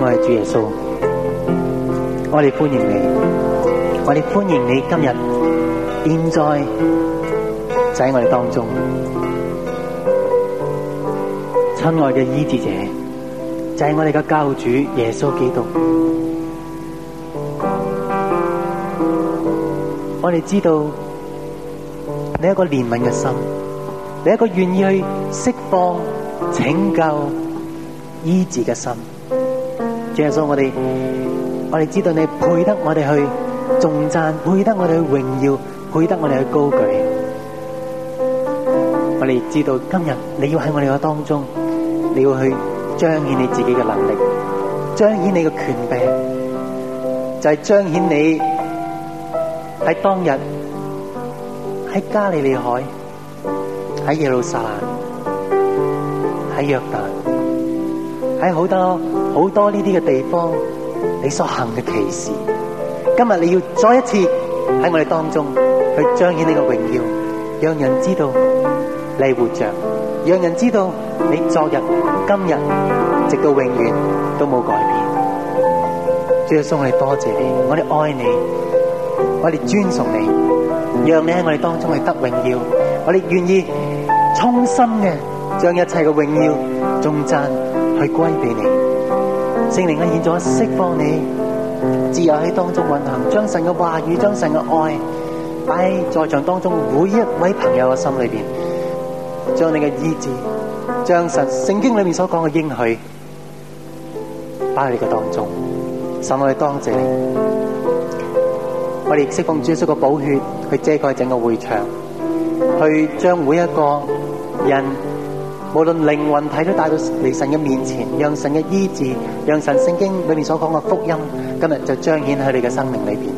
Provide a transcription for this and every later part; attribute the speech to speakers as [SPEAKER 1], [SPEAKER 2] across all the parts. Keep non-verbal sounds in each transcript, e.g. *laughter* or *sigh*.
[SPEAKER 1] 我係主耶穌，我哋歡迎你，我哋歡迎你今日現在就喺我哋當中，親愛嘅醫治者就係我哋嘅教主耶穌基督。我哋知道你一個憐憫嘅心，你一個願意去釋放、拯救、醫治嘅心。耶穌我哋，我哋知道你配得我哋去頌讚，配得我哋去榮耀，配得我哋去高舉。我哋知道今日你要喺我哋嘅當中，你要去彰顯你自己嘅能力，彰顯你嘅權柄，就係彰顯你喺當日喺加利利海，喺耶路撒冷，喺約旦。喺好多好多呢啲嘅地方，你所行嘅奇事，今日你要再一次喺我哋當中去彰顯你嘅榮耀，讓人知道你活着，讓人知道你昨日、今日，直到永遠都冇改變。主耶穌，我哋多謝你，我哋愛你，我哋尊崇你，讓你喺我哋當中去得榮耀，我哋願意衷心嘅將一切嘅榮耀頌讚。去歸俾你，聖靈啊，現在釋放你，自由喺當中運行，將神嘅話語、將神嘅愛擺喺在場當中每一位朋友嘅心裏邊，將你嘅意志、將神聖經裏面所講嘅應許擺喺你嘅當中，神，我哋多謝你，我哋釋放主耶穌嘅寶血去遮蓋整個會場，去將每一個人。無論靈魂體都帶到嚟神嘅面前，讓神嘅醫治，讓神聖經裏面所講嘅福音，今日就彰顯喺你嘅生命裏邊。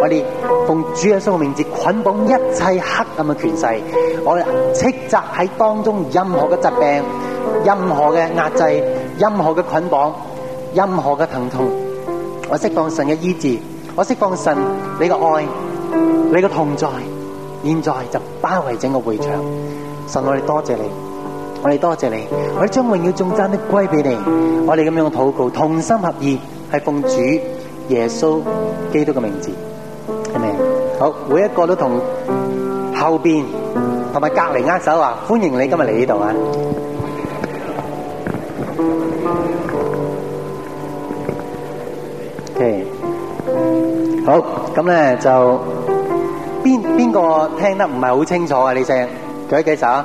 [SPEAKER 1] 我哋奉主耶穌嘅名字捆綁一切黑暗嘅權勢，我斥責喺當中任何嘅疾病、任何嘅壓制、任何嘅捆綁、任何嘅疼痛。我釋放神嘅醫治，我釋放神你嘅愛，你嘅同在，現在就包圍整個會場。神，我哋多謝你。我哋多謝你，我哋將榮耀眾讚都歸俾你。我哋咁樣嘅禱告，同心合意，係奉主耶穌基督嘅名字，係咪？好，每一個都同後邊同埋隔籬握手啊！歡迎你今日嚟呢度啊！O K，好，咁咧就邊邊個聽得唔係好清楚啊？你聲舉一舉手？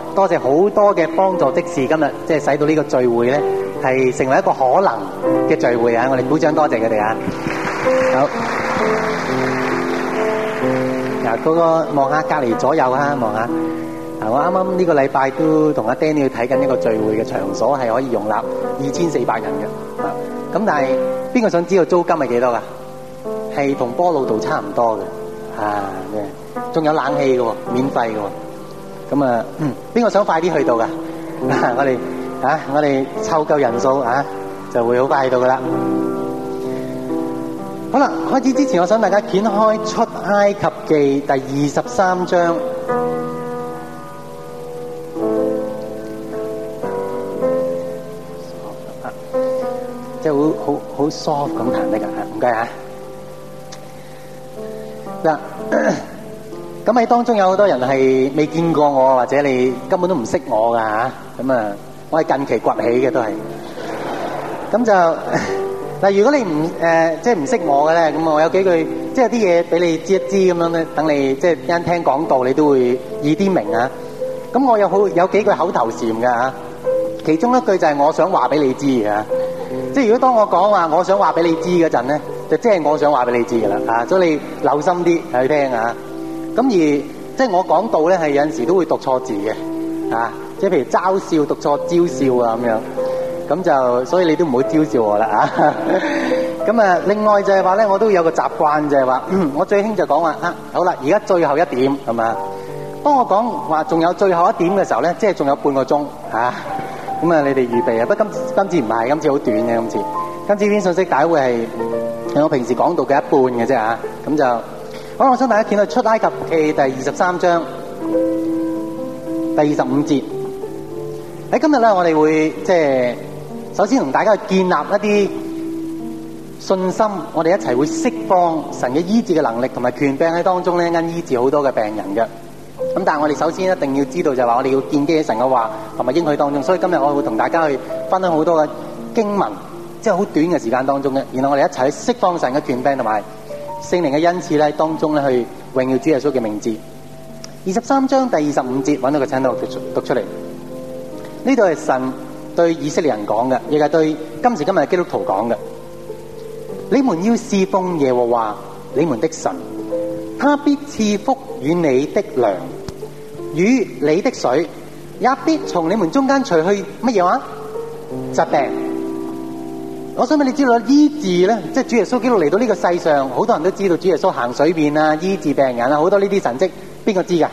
[SPEAKER 1] 多謝好多嘅幫助，即使，今日即係使到呢個聚會咧，係成為一個可能嘅聚會啊！我哋鼓掌，多謝佢哋啊！好，嗱，嗰個望下隔籬左右啊，望下，嗱，我啱啱呢個禮拜都同阿 Danny 去睇緊一個聚會嘅場所，係可以容納二千四百人嘅，啊，咁但係邊個想知道租金係幾多噶？係同波老道差唔多嘅，啊，仲有冷氣嘅，免費嘅。咁啊，嗯，邊個想快啲去到噶？我哋啊，我哋湊夠人數啊，就會好快去到噶啦。好啦，開始之前，我想大家掀開出埃及記第二十三章，即係好好好 soft 咁彈得噶，唔該啊。嗱。咁喺當中有好多人係未見過我，或者你根本都唔識我㗎嚇。咁啊，我係近期崛起嘅都係。咁就嗱，如果你唔誒即係唔識我嘅咧，咁我有幾句即係啲嘢俾你知，一知咁樣咧，等你即係啱聽講道，你都會易啲明啊。咁我有好有幾句口頭禪㗎嚇，其中一句就係我想話俾你知啊。即係如果當我講話，我想話俾你知嗰陣咧，就即係我想話俾你知㗎啦。啊，所以你留心啲去聽啊。咁而即係我講到咧，係有陣時都會讀錯字嘅，啊！即係譬如嘲笑讀錯招笑啊咁樣，咁就所以你都唔好嘲笑我啦啊！咁啊，另外就係話咧，我都有個習慣就係話，我最興就講話啊，好啦，而家最後一點係嘛？當我講話仲有最後一點嘅時候咧，即係仲有半個鐘嚇，咁啊，你哋預備啊！不今今次唔係今次好短嘅今次，今次呢篇信息大會係係我平時講到嘅一半嘅啫嚇，咁就。好，我想大家見到出埃及記第二十三章第二十五節。喺、哎、今日咧，我哋會即係首先同大家去建立一啲信心，我哋一齊會釋放神嘅醫治嘅能力，同埋權柄喺當中咧，因醫治好多嘅病人嘅。咁但係我哋首先一定要知道就係話，我哋要建基喺神嘅話，同埋應佢當中。所以今日我會同大家去分享好多嘅經文，即係好短嘅時間當中嘅，然後我哋一齊釋放神嘅權柄同埋，聖靈嘅恩賜咧，當中咧去榮耀主耶穌嘅名字。二十三章第二十五節，揾到個請到讀出嚟。呢度係神對以色列人講嘅，亦係對今時今日嘅基督徒講嘅。 *music* 你們要侍奉耶和華你們的神，他必賜福與你的糧，與你的水，也必從你們中間除去乜嘢啊疾病。」我想問你知道咧，醫治咧，即係主耶穌基督嚟到呢個世上，好多人都知道主耶穌行水面啊，醫治病人啊，好多呢啲神蹟，邊個知噶？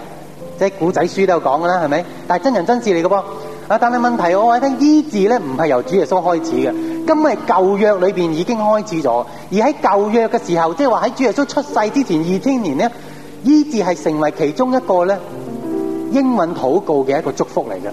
[SPEAKER 1] 即係古仔書都有講噶啦，係咪？但係真人真事嚟嘅噃。啊，但係問題我話咧，醫治咧唔係由主耶穌開始嘅，今日舊約裏邊已經開始咗，而喺舊約嘅時候，即係話喺主耶穌出世之前二千年咧，醫治係成為其中一個咧，應允禱告嘅一個祝福嚟嘅。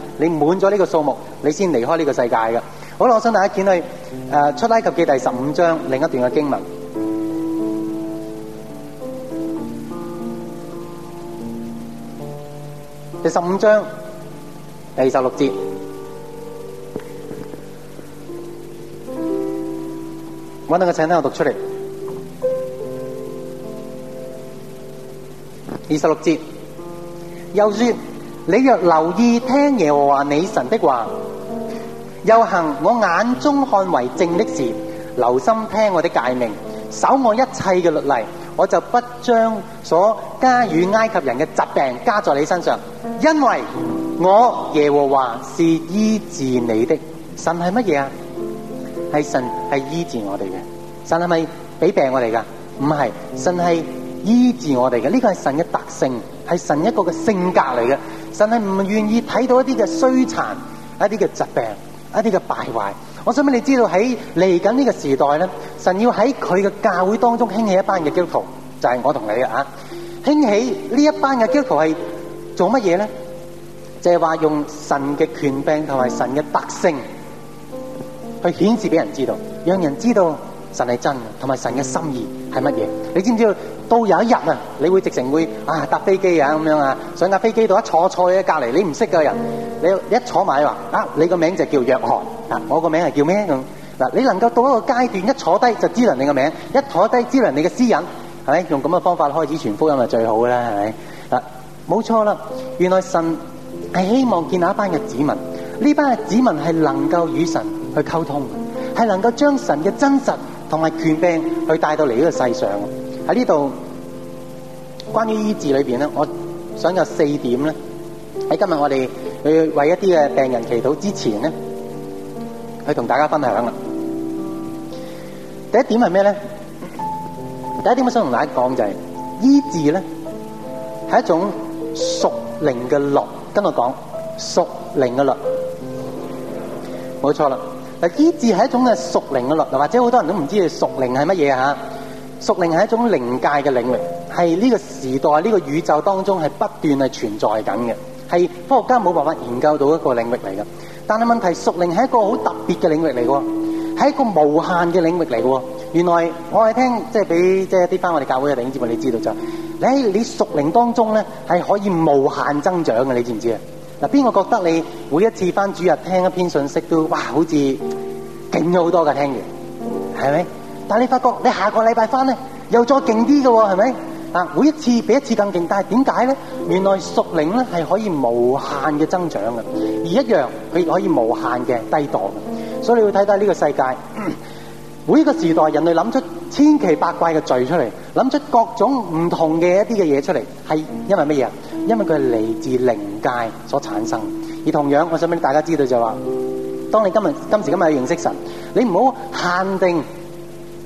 [SPEAKER 1] 你滿咗呢個數目，你先離開呢個世界嘅。好啦，我想大家見去誒、嗯、出埃及記第十五章另一段嘅經文。嗯、第十五章第二十六節，揾、嗯、到個請聽我讀出嚟。二十六節，又說。你若留意聽耶和華你神的話，又行我眼中看為正的事，留心聽我的誡命，守我一切嘅律例，我就不將所加與埃及人嘅疾病加在你身上，因為我耶和華是醫治你的。神係乜嘢啊？係神係醫治我哋嘅。神係咪俾病我哋㗎？唔係，神係醫治我哋嘅。呢個係神嘅特性，係神一個嘅性格嚟嘅。神係唔願意睇到一啲嘅衰殘、一啲嘅疾病、一啲嘅敗壞。我想俾你知道喺嚟緊呢個時代咧，神要喺佢嘅教會當中興起一班嘅基督徒，就係我同你啊！興起呢一班嘅基督徒係做乜嘢咧？就係話用神嘅權柄同埋神嘅德性，去顯示俾人知道，讓人知道神係真，同埋神嘅心意。係乜嘢？你知唔知道？到有一日啊，你會直情會啊搭飛機啊咁樣啊，上架飛機度一坐坐喺隔離，你唔識嘅人，你一坐埋話啊，你個名就叫約翰啊，我個名係叫咩咁嗱？你能夠到一個階段，一坐低就知輪你個名，一坐低知輪你嘅私隱，係咪用咁嘅方法開始傳福音咪最好啦？係咪嗱？冇錯啦，原來神係希望見到一班嘅子民，呢班嘅子民係能夠與神去溝通，係能夠將神嘅真實。同埋權病，去帶到嚟呢個世上喺呢度。關於醫治裏邊咧，我想有四點咧，喺今日我哋去為一啲嘅病人祈禱之前咧，去同大家分享啊。第一點係咩咧？第一點我想同大家講就係醫治咧係一種屬靈嘅律，跟我講屬靈嘅律，冇錯啦。嗱，醫治係一種嘅屬靈嘅律，或者好多人都唔知道屬靈係乜嘢嚇。屬靈係一種靈界嘅領域，係呢個時代、呢個宇宙當中係不斷係存在緊嘅，係科學家冇辦法研究到一個領域嚟嘅。但係問題係，屬靈係一個好特別嘅領域嚟喎，係一個無限嘅領域嚟嘅。原來我係聽，即係俾即係啲翻我哋教會嘅弟兄姊妹你知道就，你喺你屬靈當中咧係可以無限增長嘅，你知唔知啊？嗱，邊個覺得你每一次翻主日聽一篇信息都哇，好似勁咗好多㗎，聽完係咪？但你發覺你下個禮拜翻咧，又再勁啲㗎喎，係咪？啊，每一次比一次更勁，但係點解咧？原來屬靈咧係可以無限嘅增長嘅，而一樣佢可以無限嘅低檔。所以你要睇睇呢個世界，每一個時代人類諗出千奇百怪嘅罪出嚟，諗出各種唔同嘅一啲嘅嘢出嚟，係因為乜嘢？因為佢係嚟自靈界所產生的，而同樣我想俾大家知道就係話，當你今日今時今日要認識神，你唔好限定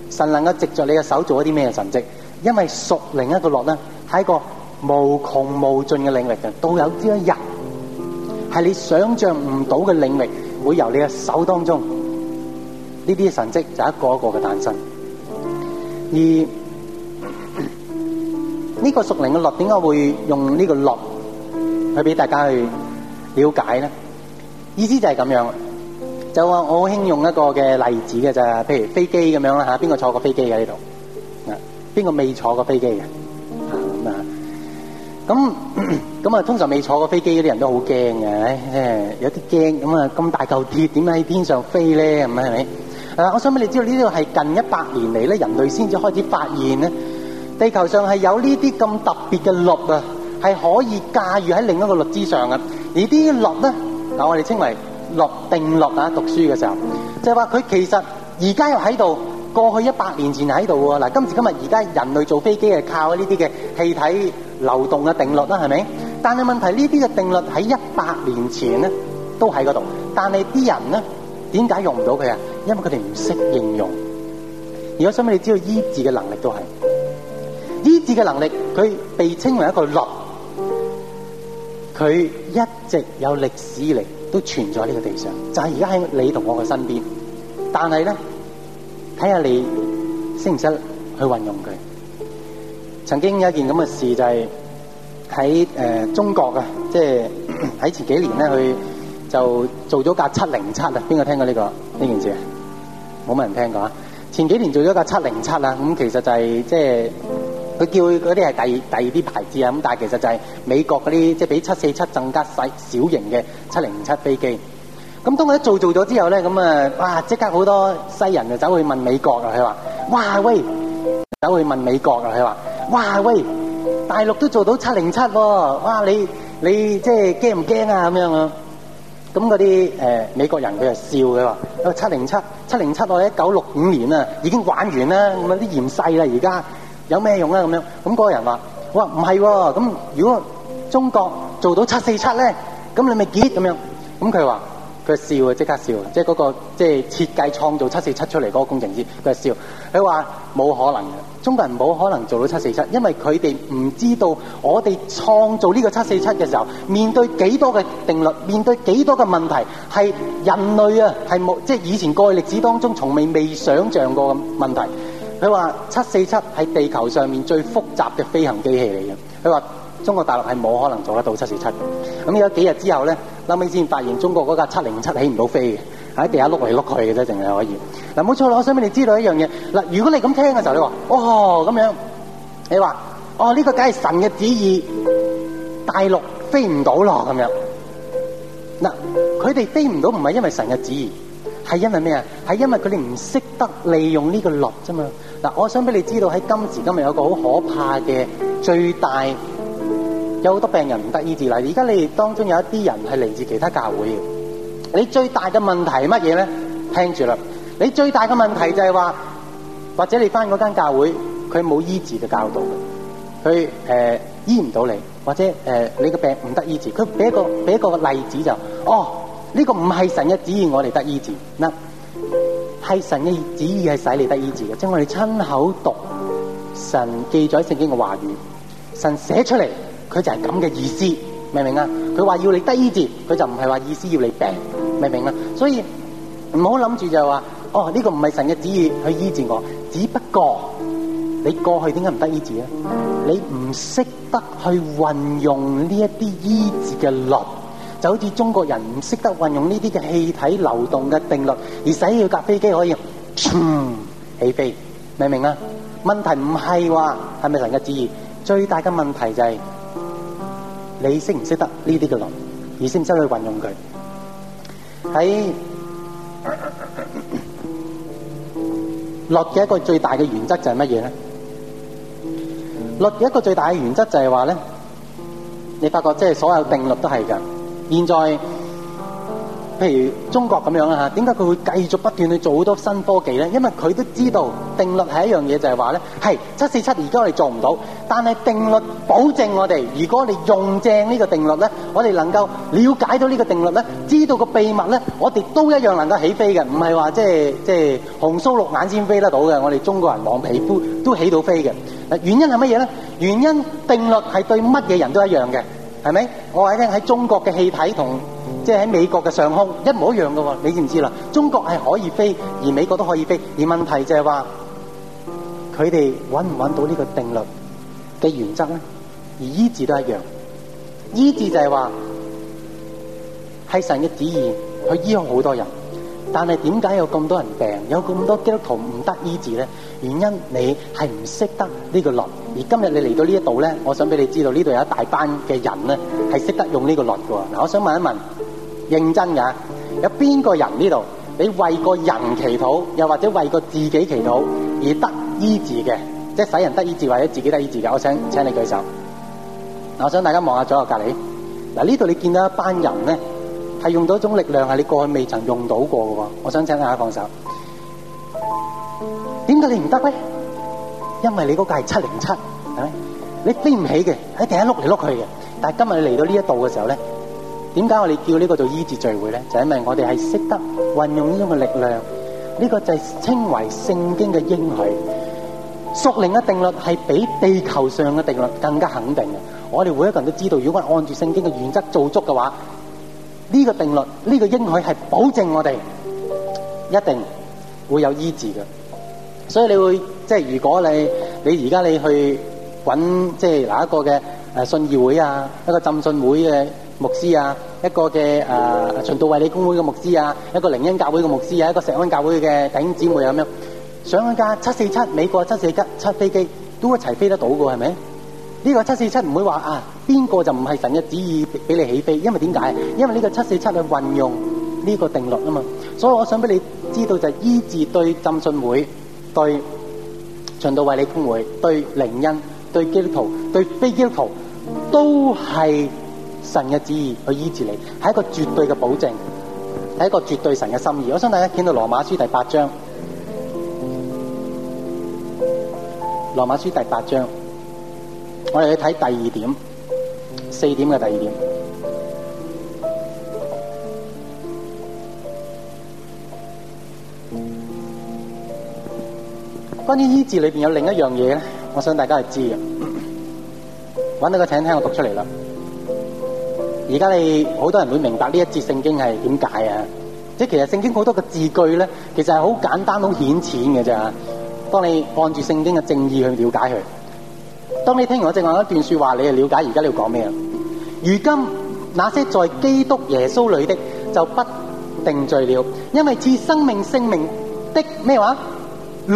[SPEAKER 1] 神能夠藉着你嘅手做一啲咩神蹟，因為屬靈一個落咧係一個無窮無盡嘅領域嘅，都有呢一日係你想象唔到嘅領域，會由你嘅手當中呢啲神蹟就一個一個嘅誕生，而。呢個屬靈嘅律點解會用呢個律去俾大家去了解咧？意思就係咁樣，就話我好興用一個嘅例子嘅咋，譬如飛機咁樣啦嚇，邊個坐過飛機嘅呢度？邊個未坐過飛機嘅？咁咁啊，通常未坐過飛機嗰啲人都好驚嘅，有啲驚咁啊，咁大嚿鐵點喺天上飛咧？咁啊係咪？我想俾你知道呢度係近一百年嚟咧，人類先至開始發現咧。地球上係有呢啲咁特別嘅律啊，係可以駕馭喺另一個律之上嘅。而啲律咧，嗱，我哋稱為律定律啊。讀書嘅時候，就係話佢其實而家又喺度，過去一百年前喺度喎。嗱，今時今日而家人類做飛機係靠呢啲嘅氣體流動嘅定律啦，係咪？但係問題，呢啲嘅定律喺一百年前咧都喺嗰度，但係啲人咧點解用唔到佢啊？因為佢哋唔識應用。如果想畀你知道醫治嘅能力都係。自嘅能力，佢被稱為一個力，佢一直有歷史嚟，都存在呢個地上，就係而家喺你同我嘅身邊。但係咧，睇下你識唔識去運用佢。曾經有一件咁嘅事就係喺誒中國啊，即係喺前幾年咧，佢就做咗架七零七啊。邊個聽過呢，呢個呢件事啊？冇乜人聽過啊！前幾年做咗架七零七啊，咁其實就係即係。就是佢叫嗰啲係第二第二啲牌子啊，咁但係其實就係美國嗰啲，即係比七四七更加細小型嘅七零七飛機。咁當佢一做做咗之後咧，咁啊，哇！即刻好多西人就走去問美國啦，佢話：哇喂！走去問美國啦，佢話：哇喂！大陸都做到七零七喎，哇！你你即係驚唔驚啊？咁樣啊？咁嗰啲誒美國人佢就笑佢話：七零七，七零七我哋一九六五年啊已經玩完啦，咁啊啲嫌細啦而家。有咩用啊？咁樣，咁嗰個人話：，我話唔係喎，咁如果中國做到七四七咧，咁你咪結咁樣。咁佢話：，佢笑啊，即刻笑，即係嗰個即係設計創造七四七出嚟嗰個工程師，佢笑。佢話冇可能，中國人冇可能做到七四七，因為佢哋唔知道我哋創造呢個七四七嘅時候，面對幾多嘅定律，面對幾多嘅問題，係人類啊，係冇即係以前過去歷史當中從未未想像過嘅問題。佢話七四七係地球上面最複雜嘅飛行機器嚟嘅。佢話中國大陸係冇可能做得到七四七。咁有幾日之後咧，後尾先發現中國嗰架七零七起唔到飛嘅，喺地下碌嚟碌去嘅啫，淨係可以。嗱冇錯啦，我想俾你知道一樣嘢。嗱，如果你咁聽嘅時候，你話哦咁樣，你話哦呢個梗係神嘅旨意，大陸飛唔到咯咁樣。嗱，佢哋飛唔到唔係因為神嘅旨意，係因為咩啊？係因為佢哋唔識得利用呢個落啫嘛。嗱，我想俾你知道喺今時今日有個好可怕嘅，最大有好多病人唔得醫治。嗱，而家你哋當中有一啲人係嚟自其他教會嘅，你最大嘅問題係乜嘢咧？聽住啦，你最大嘅問題就係話，或者你翻嗰間教會佢冇醫治嘅教導，佢誒、呃、醫唔到你，或者誒、呃、你個病唔得醫治。佢俾一個俾一個例子就，哦，呢、這個唔係神嘅指引，我哋得醫治嗱。係神嘅旨意係使你得醫治嘅，即係我哋親口讀神記載聖經嘅話語，神寫出嚟佢就係咁嘅意思，明唔明啊？佢話要你得醫治，佢就唔係話意思要你病，明唔明啊？所以唔好諗住就係話哦，呢個唔係神嘅旨意去醫治我，只不過你過去點解唔得醫治啊？你唔識得去運用呢一啲醫治嘅力。就好似中國人唔識得運用呢啲嘅氣體流動嘅定律，而使要架飛機可以起飛，明唔明啊？問題唔係話係咪神嘅旨意，最大嘅問題就係你識唔識得呢啲嘅律，而識唔識去運用佢？喺律嘅一個最大嘅原則就係乜嘢咧？律嘅一個最大嘅原則就係話咧，你發覺即係所有定律都係㗎。現在，譬如中國咁樣啊嚇，點解佢會繼續不斷去做好多新科技咧？因為佢都知道定律係一樣嘢，就係話咧，係七四七而家我哋做唔到，但係定律保證我哋，如果我哋用正呢個定律咧，我哋能夠瞭解到呢個定律咧，知道個秘密咧，我哋都一樣能夠起飛嘅，唔係話即係即係紅鬚綠眼先飛得到嘅。我哋中國人黃皮膚都起到飛嘅。嗱，原因係乜嘢咧？原因定律係對乜嘢人都一樣嘅。係咪？我話你聽，喺中國嘅氣體同，即係喺美國嘅上空一模一樣嘅喎，你知唔知啦？中國係可以飛，而美國都可以飛，而問題就係話，佢哋揾唔揾到呢個定律嘅原則咧？而醫治都一樣，醫治就係話係神嘅旨意去醫好好多人，但係點解有咁多人病，有咁多基督徒唔得醫治咧？原因你係唔識得呢個律，而今日你嚟到呢一度咧，我想俾你知道呢度有一大班嘅人咧，係識得用呢個律嘅。嗱，我想問一問，認真嘅有邊個人呢度？你為個人祈禱，又或者為個自己祈禱而得醫治嘅，即係使人得醫治或者自己得醫治嘅，我想請你舉手。我想大家望下左右隔離。嗱，呢度你見到一班人咧，係用到一種力量，係你過去未曾用到過嘅喎。我想請大家放手。點解你唔得咧？因為你嗰個係七零七，係咪？你飛唔起嘅，喺地下碌嚟碌去嘅。但係今日你嚟到呢一度嘅時候咧，點解我哋叫呢個做醫治聚會咧？就係、因為我哋係識得運用呢種嘅力量，呢、呢個就係稱為聖經嘅應許。屬靈嘅定律係比地球上嘅定律更加肯定嘅。我哋每一個人都知道，如果我哋按住聖經嘅原則做足嘅話，呢、呢個定律呢、呢個應許係保證我哋一定會有醫治嘅。所以你會即係，如果你你而家你去揾即係嗱一個嘅誒信義會啊，一個浸信會嘅牧師啊，一個嘅誒、呃、循道衞理公會嘅牧師啊，一個靈恩教會嘅牧師啊，一個石安教會嘅弟兄姊妹咁、啊、樣，想一架七四七美國七四七七飛機都一齊飛得到嘅喎，係咪？呢、這個七四七唔會話啊，邊個就唔係神嘅旨意俾你起飛，因為點解？因為呢個七四七係運用呢個定律啊嘛，所以我想俾你知道就係醫治對浸信會。對，循道衛理公會，對靈恩，對基督徒，對非基督徒，都係神嘅旨意去醫治你，係一個絕對嘅保證，係一個絕對神嘅心意。我想大家見到羅馬書第八章，羅馬書第八章，我哋去睇第二點，四點嘅第二點。關於醫治裏邊有另一樣嘢咧，我想大家係知嘅。揾到個請聽我讀出嚟啦。而家你好多人會明白呢一節聖經係點解啊？即係其實聖經好多個字句咧，其實係好簡單、好顯淺嘅咋。當你按住聖經嘅正義去了解佢，當你聽完我正話一段説話，你就了解。而家你要講咩啊？如今那些在基督耶穌裏的就不定罪了，因為自生命性命的咩話律，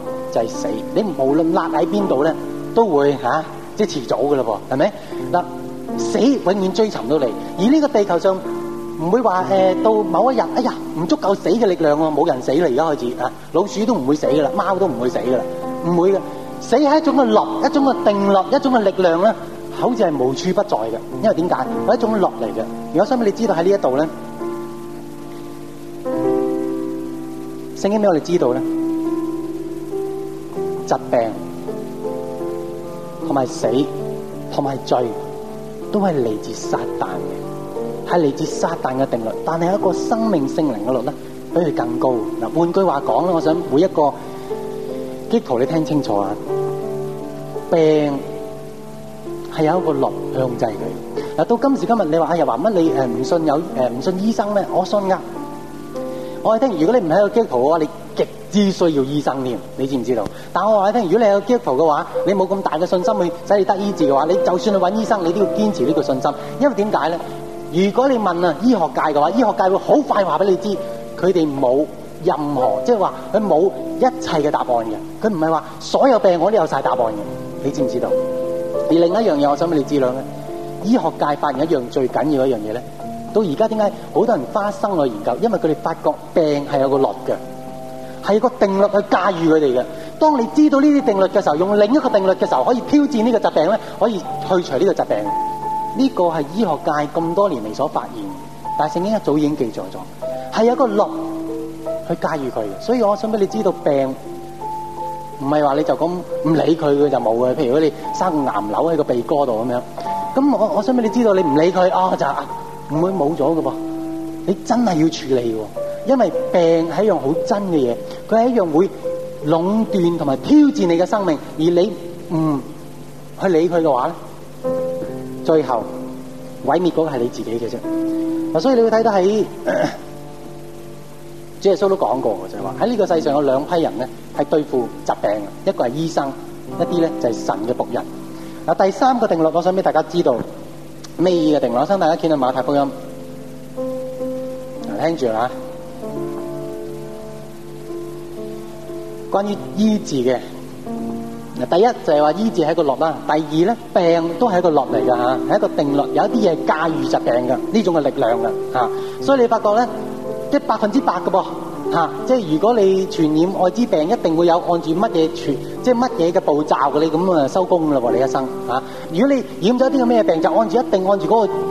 [SPEAKER 1] 就係死，你無論立喺邊度咧，都會吓，即係遲早噶咯噃，係咪？嗱，死永遠追尋到你，而呢個地球上唔會話誒到某一日，哎呀，唔足夠死嘅力量喎，冇人死啦，而家開始啊，老鼠都唔會死噶啦，貓都唔會死噶啦，唔會噶，死係一種嘅律，一種嘅定律，一種嘅力量咧，好似係無處不在嘅，因為點解？係一種律嚟嘅。如果想俾你知道喺呢一度咧，聖經俾我哋知道咧。疾病同埋死同埋罪都係嚟自撒旦嘅，係嚟自撒旦嘅定律。但係一個生命性靈嘅律咧，比佢更高。嗱，換句話講咧，我想每一個基督徒你聽清楚啊，病係有一個律去控制佢。嗱，到今時今日，你話哎又話乜？你誒唔信有誒唔信醫生咩？我信噶。我哋聽，如果你唔係一個基督徒嘅話，你極之需要醫生添。你知唔知道？但我話你聽，如果你有腳痛嘅話，你冇咁大嘅信心去使你得醫治嘅話，你就算去揾醫生，你都要堅持呢個信心。因為點解咧？如果你問啊醫學界嘅話，醫學界會好快話俾你知，佢哋冇任何，即係話佢冇一切嘅答案嘅。佢唔係話所有病我都有晒答案嘅，你知唔知道？而另一樣嘢，我想俾你知啦咧。醫學界發現一樣最緊要一樣嘢咧，到而家點解好多人花心去研究？因為佢哋發覺病係有個律嘅，係個定律去駕馭佢哋嘅。當你知道呢啲定律嘅時候，用另一個定律嘅時候，可以挑戰呢個疾病咧，可以去除呢個疾病。呢、這個係醫學界咁多年未所發現，但係聖經一早已經記載咗，係有一個律去介入佢嘅。所以我想俾你知道病，病唔係話你就咁唔理佢嘅就冇嘅。譬如果你生個癌瘤喺個鼻哥度咁樣，咁我我想俾你知道你，你唔理佢啊就唔會冇咗㗎噃。你真係要處理喎，因為病係一樣好真嘅嘢，佢係一樣會。壟斷同埋挑戰你嘅生命，而你唔去理佢嘅話咧，最後毀滅嗰個係你自己嘅啫。嗱，所以你會睇到喺主耶穌都講過嘅就係話，喺呢個世上有兩批人咧係對付疾病嘅，一個係醫生，一啲咧就係神嘅僕人。嗱，第三個定律，我想俾大家知道咩嘢嘅定律。我想大家見到馬太福音，嗱，聽住啊。關於醫治嘅，嗱，第一就係話醫治係一個律啦，第二咧病都係一個律嚟㗎嚇，係一個定律，有一啲嘢駕馭疾病㗎，呢種嘅力量㗎嚇，所以你發覺咧，即係百分之百嘅噃嚇，即係如果你傳染艾滋病，一定會有按住乜嘢傳，即係乜嘢嘅步驟嘅。你咁啊，收工㗎啦喎，你一生嚇、啊，如果你染咗啲咁咩病，就按住一定按住嗰、那個。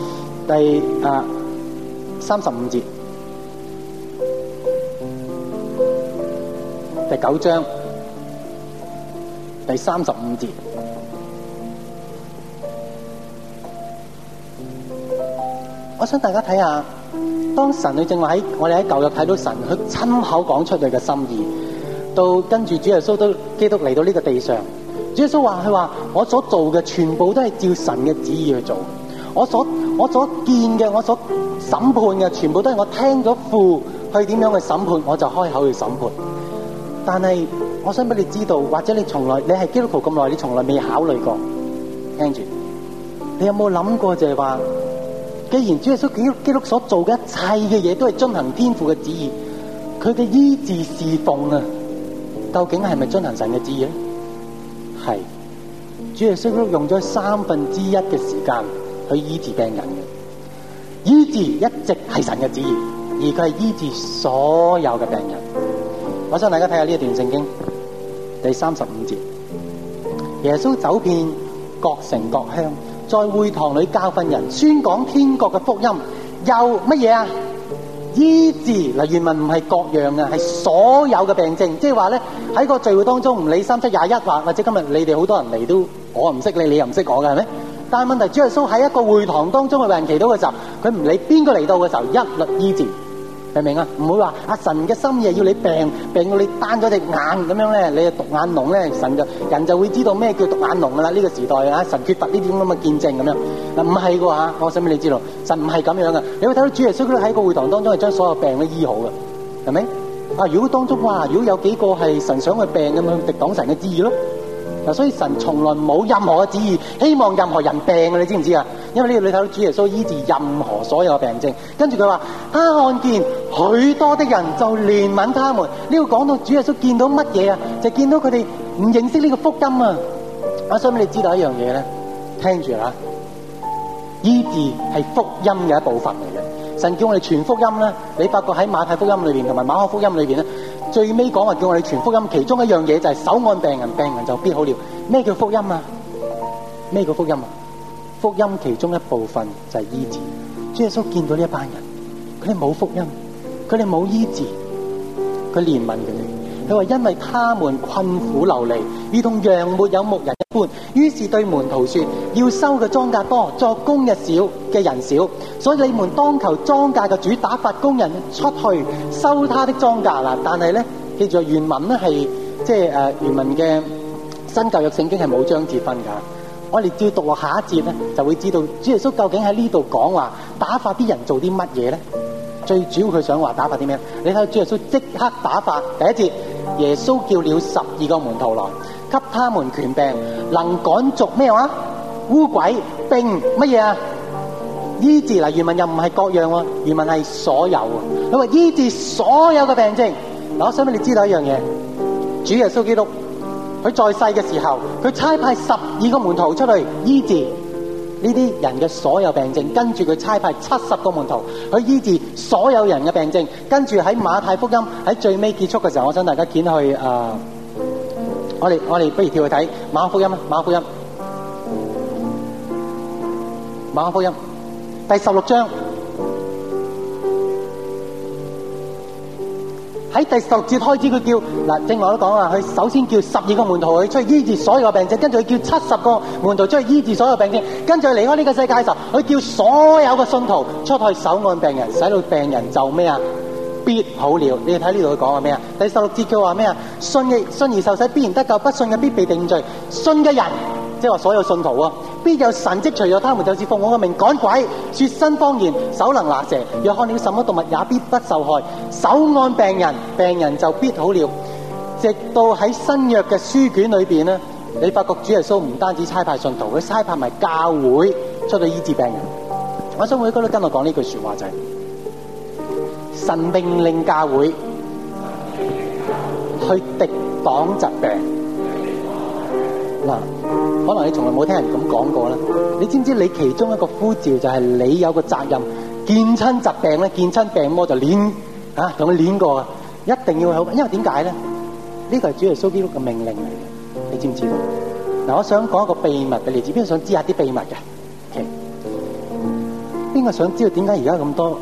[SPEAKER 1] 第啊三十五節，第九章，第三十五節。我想大家睇下，當神女正話喺我哋喺舊日睇到神，佢親口講出佢嘅心意，到跟住主耶穌都基督嚟到呢個地上，主耶穌話佢話，我所做嘅全部都係照神嘅旨意去做。我所我所見嘅，我所審判嘅，全部都係我聽咗父去點樣去審判，我就開口去審判。但係我想俾你知道，或者你從來你係基督徒咁耐，你從來未考慮過，聽住，你有冇諗過就係話，既然主耶穌基督基督所做嘅一切嘅嘢都係遵行天父嘅旨意，佢嘅醫治侍奉啊，究竟係咪遵行神嘅旨意咧？係，主耶穌基督用咗三分之一嘅時間。去醫治病人嘅，醫治一直係神嘅旨意，而佢係醫治所有嘅病人。我想大家睇下呢一段聖經，第三十五節，耶穌走遍各城各鄉，在會堂裏教訓人，宣講天國嘅福音，又乜嘢啊醫治嗱原文唔係各樣嘅，係所有嘅病症，即係話咧喺個聚會當中唔理三七廿一話或者今日你哋好多人嚟都我唔識你，你又唔識我嘅係咩？但係問題，主耶穌喺一個會堂當中為病人祈禱嘅時候，佢唔理邊個嚟到嘅時候，一律醫治，明唔明啊？唔會話阿神嘅心意係要你病病到你單咗隻眼咁樣咧，你係獨眼龍咧，神就人就會知道咩叫獨眼龍噶啦。呢、這個時代啊，神缺乏呢啲咁嘅見證咁樣嗱，唔係噶嚇，我使唔使你知道？神唔係咁樣嘅，你會睇到主耶穌咧喺一個會堂當中係將所有病都醫好嘅，係咪？啊，如果當中哇，如果有幾個係神想去病咁樣，敵擋神嘅旨意咯。嗱，所以神從來冇任何嘅旨意，希望任何人病嘅，你知唔知啊？因為呢個你睇到主耶穌醫治任何所有嘅病症，跟住佢話啊，看見許多的人就憐憫他們。呢個講到主耶穌見到乜嘢啊？就是、見到佢哋唔認識呢個福音啊！我所以俾你知道一樣嘢咧，聽住啊！醫治係福音嘅一部分嚟嘅，神叫我哋傳福音咧。你發覺喺馬太福音裏邊同埋馬可福音裏邊咧。最尾講話叫我哋傳福音，其中一樣嘢就係手按病人，病人就必好了。咩叫福音啊？咩叫福音啊？福音其中一部分就係醫治。耶穌見到呢一班人，佢哋冇福音，佢哋冇醫治，佢憐憫佢哋。佢話因為他們困苦流離，如同羊沒有牧人一般，於是對門徒說：要收嘅莊稼多，作工嘅少嘅人少，所以你們當求莊稼嘅主打發工人出去收他的莊稼啦。但係咧，記住原文咧係即係誒，原文嘅新舊約聖經係冇章節分噶。我哋照讀落下一節咧，就會知道主耶穌究竟喺呢度講話打發啲人做啲乜嘢咧？最主要佢想話打發啲咩？你睇下主耶穌即刻打發第一節。耶穌叫了十二個門徒來，給他們權柄，能趕逐咩話？污鬼並乜嘢啊？醫治。嗱，原文又唔係各樣喎，原文係所有啊！佢話醫治所有嘅病症。嗱，我想畀你知道一樣嘢，主耶穌基督，佢在世嘅時候，佢差派十二個門徒出去醫治。呢啲人嘅所有病症，跟住佢差派七十個門徒，去醫治所有人嘅病症。跟住喺馬太福音喺最尾結束嘅時候，我想大家見去誒，我哋我哋不如跳去睇馬可福音啦，馬可福音，馬可福音，第十六章。喺第十六節開始，佢叫嗱，正話我都講啊，佢首先叫十二個門徒去出去醫治所有個病者，跟住佢叫七十個門徒出去醫治所有病者，跟住佢離開呢個世界嘅時候，佢叫所有嘅信徒出去手按病人，使到病人就咩啊？必好了。你睇呢度佢講話咩啊？第十六節佢話咩啊？信嘅信而受洗，必然得救；不信嘅必被定罪。信嘅人，即係話所有信徒啊。必有神蹟，除咗他們，就是奉我嘅命趕鬼、說新方言、手能拿蛇、若看了什麼動物，也必不受害、手按病人，病人就必好了。直到喺新約嘅書卷裏邊呢，你發覺主耶穌唔單止差派信徒，佢差派埋教會出去醫治病人。我想每個都跟我講呢句說話就係、是、神命令教會去敵擋疾病。嗱，可能你從來冇聽人咁講過啦。你知唔知你其中一個呼召就係你有個責任見親疾病咧，見親病魔就攆啊，同佢攆過啊。一定要有，因為點解咧？呢個係主耶穌基督嘅命令嚟嘅，你知唔知道？嗱，我想講一個秘密嘅例子，邊個想知下啲秘密嘅？OK，邊個想知道點解而家咁多、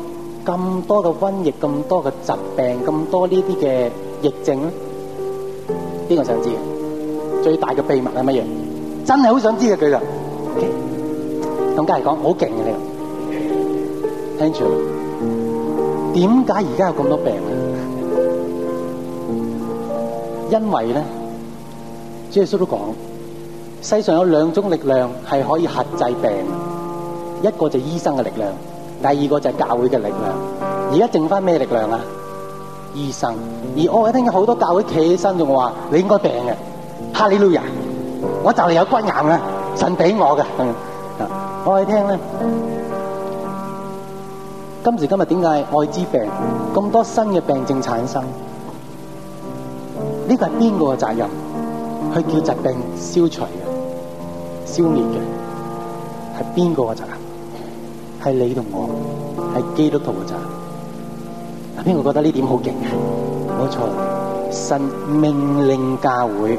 [SPEAKER 1] 咁多嘅瘟疫、咁多嘅疾病、咁多呢啲嘅疫症咧？邊個想知？最大嘅秘密係乜嘢？真係好想知嘅。佢人，咁梗係講好勁嘅你，聽住。點解而家有咁多病啊？因為咧，耶穌都講，世上有兩種力量係可以克制病的，一個就係醫生嘅力量，第二個就係教會嘅力量。而家剩翻咩力量啊？醫生，而我聽咗好多教會企起身仲話你應該病嘅。哈利路亞，我就嚟有骨癌嘅，神俾我嘅。我哋聽咧，今時今日點解愛滋病咁多新嘅病症產生？呢個係邊個嘅責任？去叫疾病消除嘅、消滅嘅，係邊個嘅責任？係你同我，係基督徒嘅責任。邊個覺得呢點好勁啊？冇錯，神命令教會。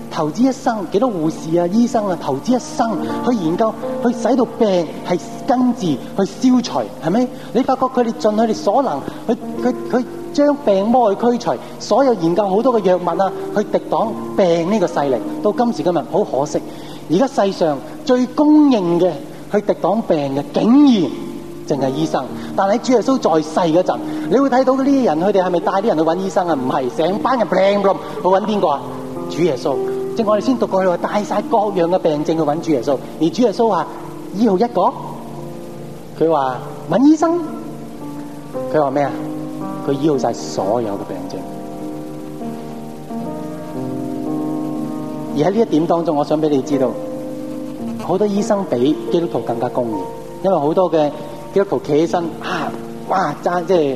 [SPEAKER 1] 投資一生幾多護士啊、醫生啊，投資一生去研究去使到病係根治，去消除係咪？你發覺佢哋盡佢哋所能，去去去將病魔去驅除。所有研究好多嘅藥物啊，去敵擋病呢個勢力。到今時今日，好可惜。而家世上最公認嘅去敵擋病嘅，竟然淨係醫生。但係主耶穌在世嗰陣，你會睇到呢啲人，佢哋係咪帶啲人去揾醫生啊？唔係，成班人噗噗噗去揾邊個啊？主耶穌。我哋先讀過去話，帶晒各樣嘅病症去揾主耶穌，而主耶穌話醫好一個，佢話問醫生，佢話咩啊？佢醫好晒所有嘅病症，而喺呢一點當中，我想俾你知道，好多醫生比基督徒更加公義，因為好多嘅基督徒企起身啊，哇，爭即係。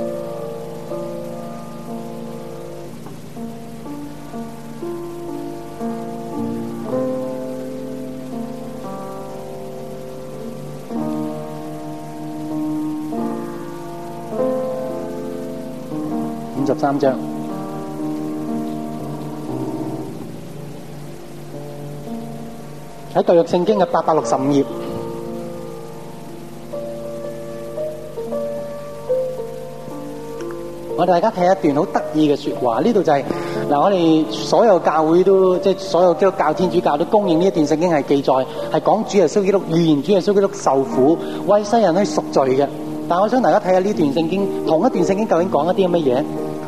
[SPEAKER 1] 三章喺《舊約聖經》嘅八百六十五頁，我哋大家睇一段好得意嘅說話。呢度就係嗱，我哋所有教會都即係所有基督教、天主教都公認呢一段聖經係記載，係講主耶穌基督預言主耶穌基督受苦為世人去贖罪嘅。但係我想大家睇下呢段聖經，同一段聖經究竟講一啲乜嘢？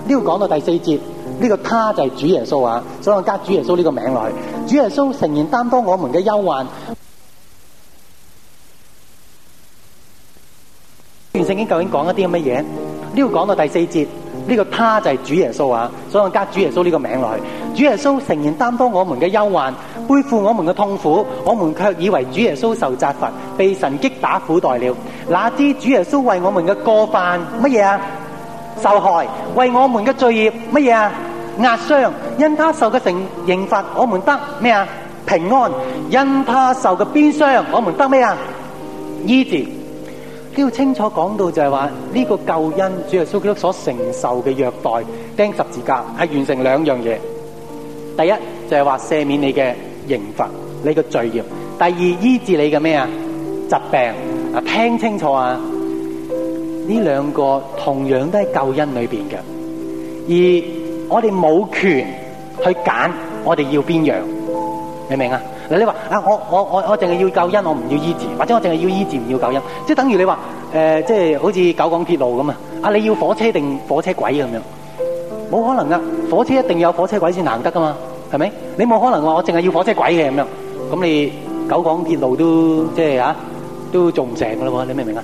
[SPEAKER 1] 呢個講到第四節，呢、這個他就係主耶穌啊，所以我加主耶穌呢個名去。主耶穌誠然擔當我們嘅憂患，呢段聖經究竟講一啲乜嘢？呢、這個講到第四節，呢、這個他就係主耶穌啊，所以我加主耶穌呢個名去。主耶穌誠然擔當我們嘅憂患，背負我們嘅痛苦，我們卻以為主耶穌受責罰，被神擊打苦待了。哪知主耶穌為我們嘅過犯乜嘢啊？受害為我們嘅罪孽乜嘢啊？壓傷。因他受嘅刑刑罰，我們得咩啊？平安。因他受嘅鞭傷，我們得咩啊？醫治。都要清楚講到就係話呢個救恩，主耶穌基督所承受嘅虐待釘十字架係完成兩樣嘢。第一就係、是、話赦免你嘅刑罰，你嘅罪孽；第二醫治你嘅咩啊？疾病啊！聽清楚啊！呢兩個同樣都喺救恩裏邊嘅，而我哋冇權去揀我哋要邊樣，明唔明啊？嗱，你話啊，我我我我淨係要救恩，我唔要醫治，或者我淨係要醫治唔要救恩，即係等於你話誒，即係好似九廣鐵路咁啊！啊，你要火車定火車軌咁樣，冇可能噶！火車一定要有火車軌先行得噶嘛，係咪？你冇可能話我淨係要火車軌嘅咁樣，咁你九廣鐵路都即係啊，都做唔成噶啦喎！你明唔明啊？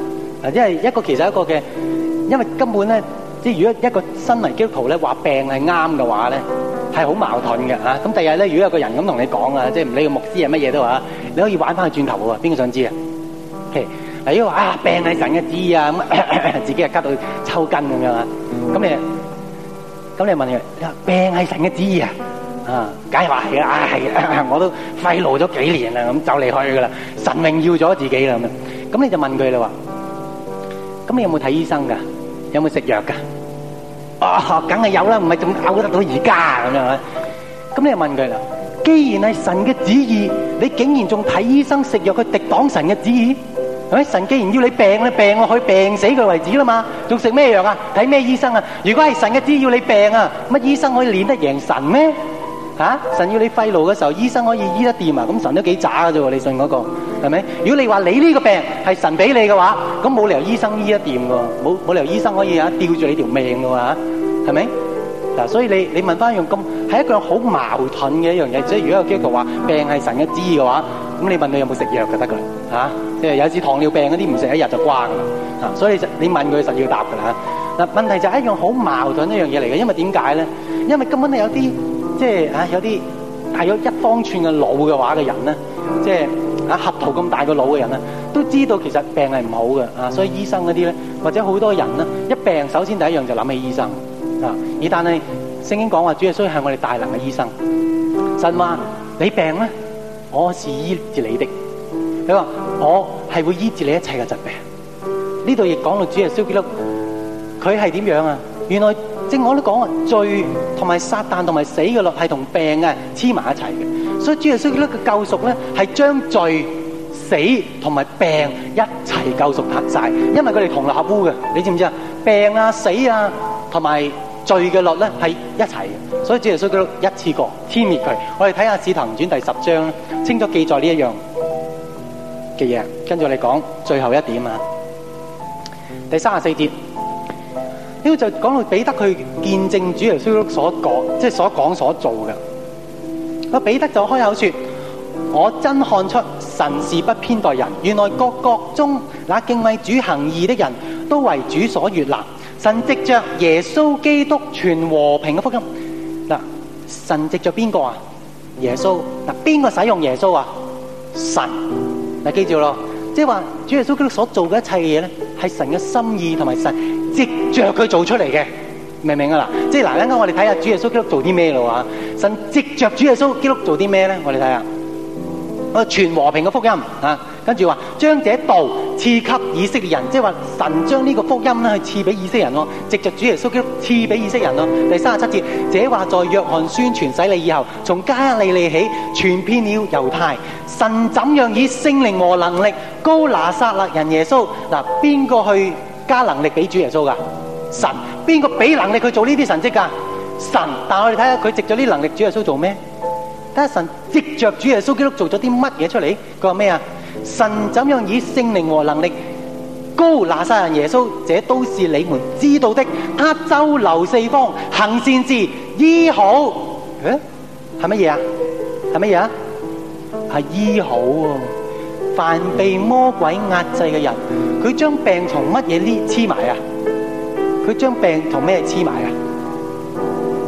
[SPEAKER 1] 嗱，即係一個其實一個嘅，因為根本咧，即係如果一個新嚟基督徒咧話病係啱嘅話咧，係好矛盾嘅吓。咁第日咧，如果有個人咁同你講啊，即係唔理個牧師係乜嘢都話，你可以玩翻去轉頭喎。邊個想知啊？OK，嗱，如果話啊病係神嘅旨意啊，咁自己又咳到抽筋咁樣啊，咁你咁你問佢，病係神嘅旨意啊？啊，梗係話係啦，係嘅，我都費勞咗幾年啦，咁就離去噶啦，神榮耀咗自己啦咁啊，咁你就問佢啦話。咁你有冇睇醫生噶？有冇食藥噶？哦，梗係有啦，唔係仲拗得到而家咁樣。咁你問佢啦，既然係神嘅旨意，你竟然仲睇醫生食藥，佢敵擋神嘅旨意係咪？神既然要你病，你病落去病死佢為止啦嘛，仲食咩藥啊？睇咩醫生啊？如果係神嘅旨意要你病啊，乜醫生可以練得贏神咩？吓！神要你肺癆嘅時候，醫生可以醫得掂啊！咁神都幾渣噶啫，你信嗰個係咪？如果你話你呢個病係神俾你嘅話，咁冇理由醫生醫得掂嘅，冇冇理由醫生可以啊吊住你條命噶嘛，係咪？嗱，所以你你問翻一樣咁係一個好矛盾嘅一樣嘢，即係如果基督徒話病係神嘅旨意嘅話，咁你問佢有冇食藥就得噶啦吓，即係有時糖尿病嗰啲唔食一日就瓜噶啦，所以你問佢神要答噶啦吓。嗱，問題就係一樣好矛盾一樣嘢嚟嘅，因為點解咧？因為根本你有啲。即係啊，有啲大約一方寸嘅腦嘅話嘅人咧，即係啊，核桃咁大個腦嘅人咧，都知道其實病係唔好嘅啊，所以醫生嗰啲咧，或者好多人咧，一病首先第一樣就諗起醫生啊，而但係聖經講話主耶穌係我哋大能嘅醫生，神話你病咧，我是醫治你的，你話我係會醫治你一切嘅疾病，呢度亦講到主耶穌基督，佢係點樣啊？原來。正我都講啊，罪同埋撒旦同埋死嘅律係同病嘅黐埋一齊嘅，所以主耶穌基督嘅救贖咧係將罪、死同埋病一齊救贖拍晒，因為佢哋同流合污嘅，你知唔知啊？病啊、死啊同埋罪嘅律咧係一齊嘅，所以主耶穌基督一次過殲滅佢。我哋睇下《使徒行傳》第十章，清楚記載呢一樣嘅嘢，跟住我哋講最後一點啊，第三十四節。呢個就講到彼得去見證主耶穌基督所講，即係所講所做嘅。阿彼得就開口說：我真看出神是不偏待人，原來各國中那敬畏主行義的人都為主所悦納。神藉着耶穌基督傳和平嘅福音。嗱，神藉着邊個啊？耶穌。嗱，邊個使用耶穌啊？神。嗱，記住咯，即係話主耶穌基督所做嘅一切嘅嘢咧，係神嘅心意同埋神。藉著佢做出嚟嘅，明唔明啊啦？即係嗱，啱啱我哋睇下主耶穌基督做啲咩咯吓？神藉著主耶穌基督做啲咩咧？我哋睇下，我傳和平嘅福音啊，跟住話將這道賜給以色列人，即係話神將呢個福音咧去賜俾以色列人咯。藉著主耶穌基督賜俾以色列人咯。第三十七節，這話在約翰宣傳洗禮以後，從加利利起，傳遍了猶太。神怎樣以聖靈和能力高拿撒勒人耶穌嗱，邊個去？加能力俾主耶穌噶，神邊個俾能力佢做呢啲神蹟噶，神。但係我哋睇下佢藉咗啲能力，主耶穌做咩？睇下神藉着主耶穌基督做咗啲乜嘢出嚟？佢話咩啊？神怎樣以聖靈和能力膏拿撒勒人耶穌？這都是你們知道的。他周流四方行善事醫好，誒，係乜嘢啊？係乜嘢啊？係醫好啊？凡被魔鬼壓制嘅人，佢將病從乜嘢呢黐埋啊？佢將病從咩黐埋啊？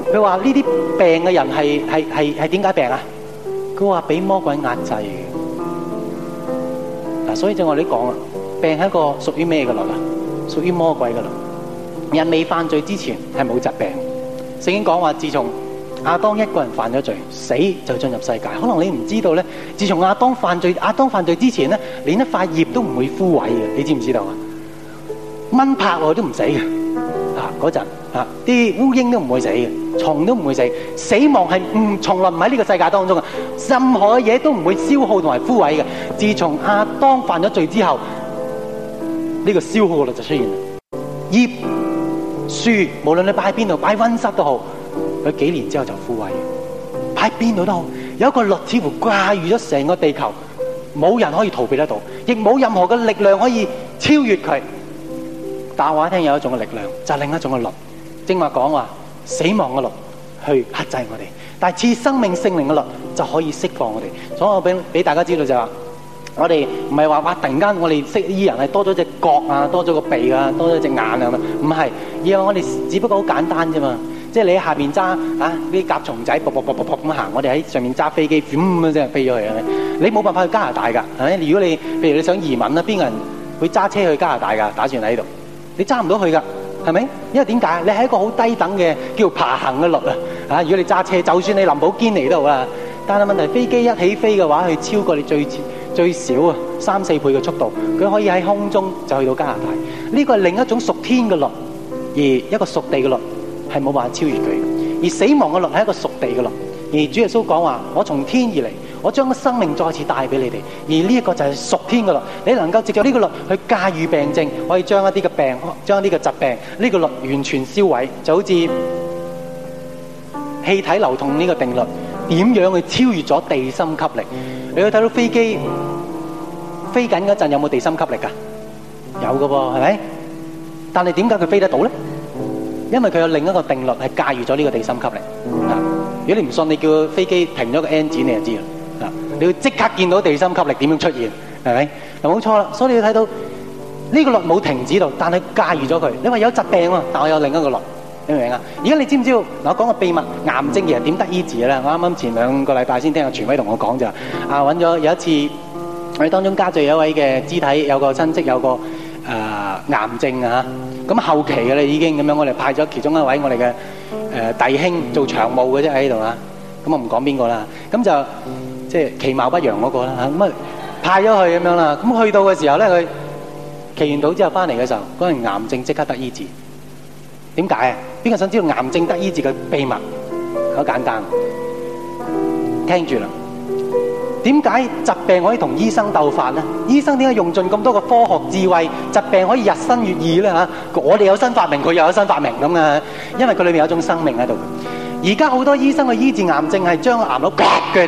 [SPEAKER 1] 佢話呢啲病嘅人係係係係點解病啊？佢話俾魔鬼壓制嘅。嗱，所以就我哋講啦，病係一個屬於咩嘅咯？屬於魔鬼嘅咯。人未犯罪之前係冇疾病。聖經講話自從。阿當一個人犯咗罪，死就進入世界。可能你唔知道咧，自從阿當犯罪，阿當犯罪之前咧，連一塊葉都唔會枯萎嘅，你知唔知道啊？蚊拍落都唔死嘅，啊嗰陣啲烏蠅都唔會死嘅，蟲都唔會死。死亡係唔從來唔喺呢個世界當中嘅，任何嘢都唔會消耗同埋枯萎嘅。自從阿當犯咗罪之後，呢個消耗率就出現啦。葉、樹，無論你擺喺邊度，擺溫室都好。佢幾年之後就枯萎嘅，喺邊度都好，有一個律似乎跨越咗成個地球，冇人可以逃避得到，亦冇任何嘅力量可以超越佢。但話聽有一種嘅力量，就係、另一種嘅律。正話講話死亡嘅律去克制我哋，但係賜生命靈的律、聖靈嘅律就可以釋放我哋。所以我俾俾大家知道就係、係、話，我哋唔係話嘩突然間我哋識醫人係多咗隻角啊，多咗個鼻啊，多咗隻眼啊，唔係，而係我哋只不過好簡單啫嘛。即係你喺下面揸啊啲甲蟲仔，噗噗噗噗咁行，我哋喺上面揸飛機，卷咁樣飛咗去啊！你冇辦法去加拿大㗎，係咪？如果你譬如你想移民啦，邊個人會揸車去加拿大㗎？打算喺度，你揸唔到去㗎，係咪？因為點解？你係一個好低等嘅叫爬行嘅律啊！如果你揸車，就算你林寶堅尼都好啊，但係問題飛機一起飛嘅話，佢超過你最最少啊三四倍嘅速度，佢可以喺空中就去到加拿大。呢個係另一種屬天嘅律，而一個屬地嘅律。係冇辦法超越佢，而死亡嘅律係一個屬地嘅律。而主耶穌講話：我從天而嚟，我將個生命再次帶俾你哋。而呢一個就係屬天嘅律。你能夠藉着呢個律去駕馭病症，可以將一啲嘅病，將呢個疾病呢、呢個律完全銷毀，就好似氣體流動呢個定律，點樣去超越咗地心吸力？你去睇到飛機飛緊嗰陣有冇地心吸力噶？有嘅喎，係咪？但係點解佢飛得到咧？因為佢有另一個定律係駕馭咗呢個地心吸力。如果你唔信，你叫飛機停咗個 N 字，你就知啦。啊，你要即刻見到地心吸力點樣出現，係咪？嗱，冇錯啦，所以你要睇到呢個律冇停止到，但係駕馭咗佢。你話有疾病喎，但我有另一個律，明唔明啊？而家你知唔知？我講個秘密，癌症嘅人點得醫治啦？我啱啱前兩個禮拜先聽阿傳威同我講咋？啊，揾咗有一次我哋當中加聚有一位嘅肢體，有個親戚有個誒癌症啊！咁後期嘅咧已經咁樣，我哋派咗其中一位我哋嘅弟兄做長務嘅啫喺呢度啦，咁、mm hmm. 我唔講邊個啦，咁就即係、就是、其貌不揚嗰、那個啦，咁啊派咗去咁樣啦，咁去到嘅時候咧，佢祈完禱之後翻嚟嘅時候，嗰人癌症即刻得醫治，點解啊？邊個想知道癌症得醫治嘅秘密？好簡單，聽住啦。點解疾病可以同醫生鬥法咧？醫生點解用盡咁多嘅科學智慧，疾病可以日新月異咧？吓，我哋有新發明，佢又有新發明咁嘅，因為佢裏面有一種生命喺度。而家好多醫生嘅醫治癌症係將個癌瘤割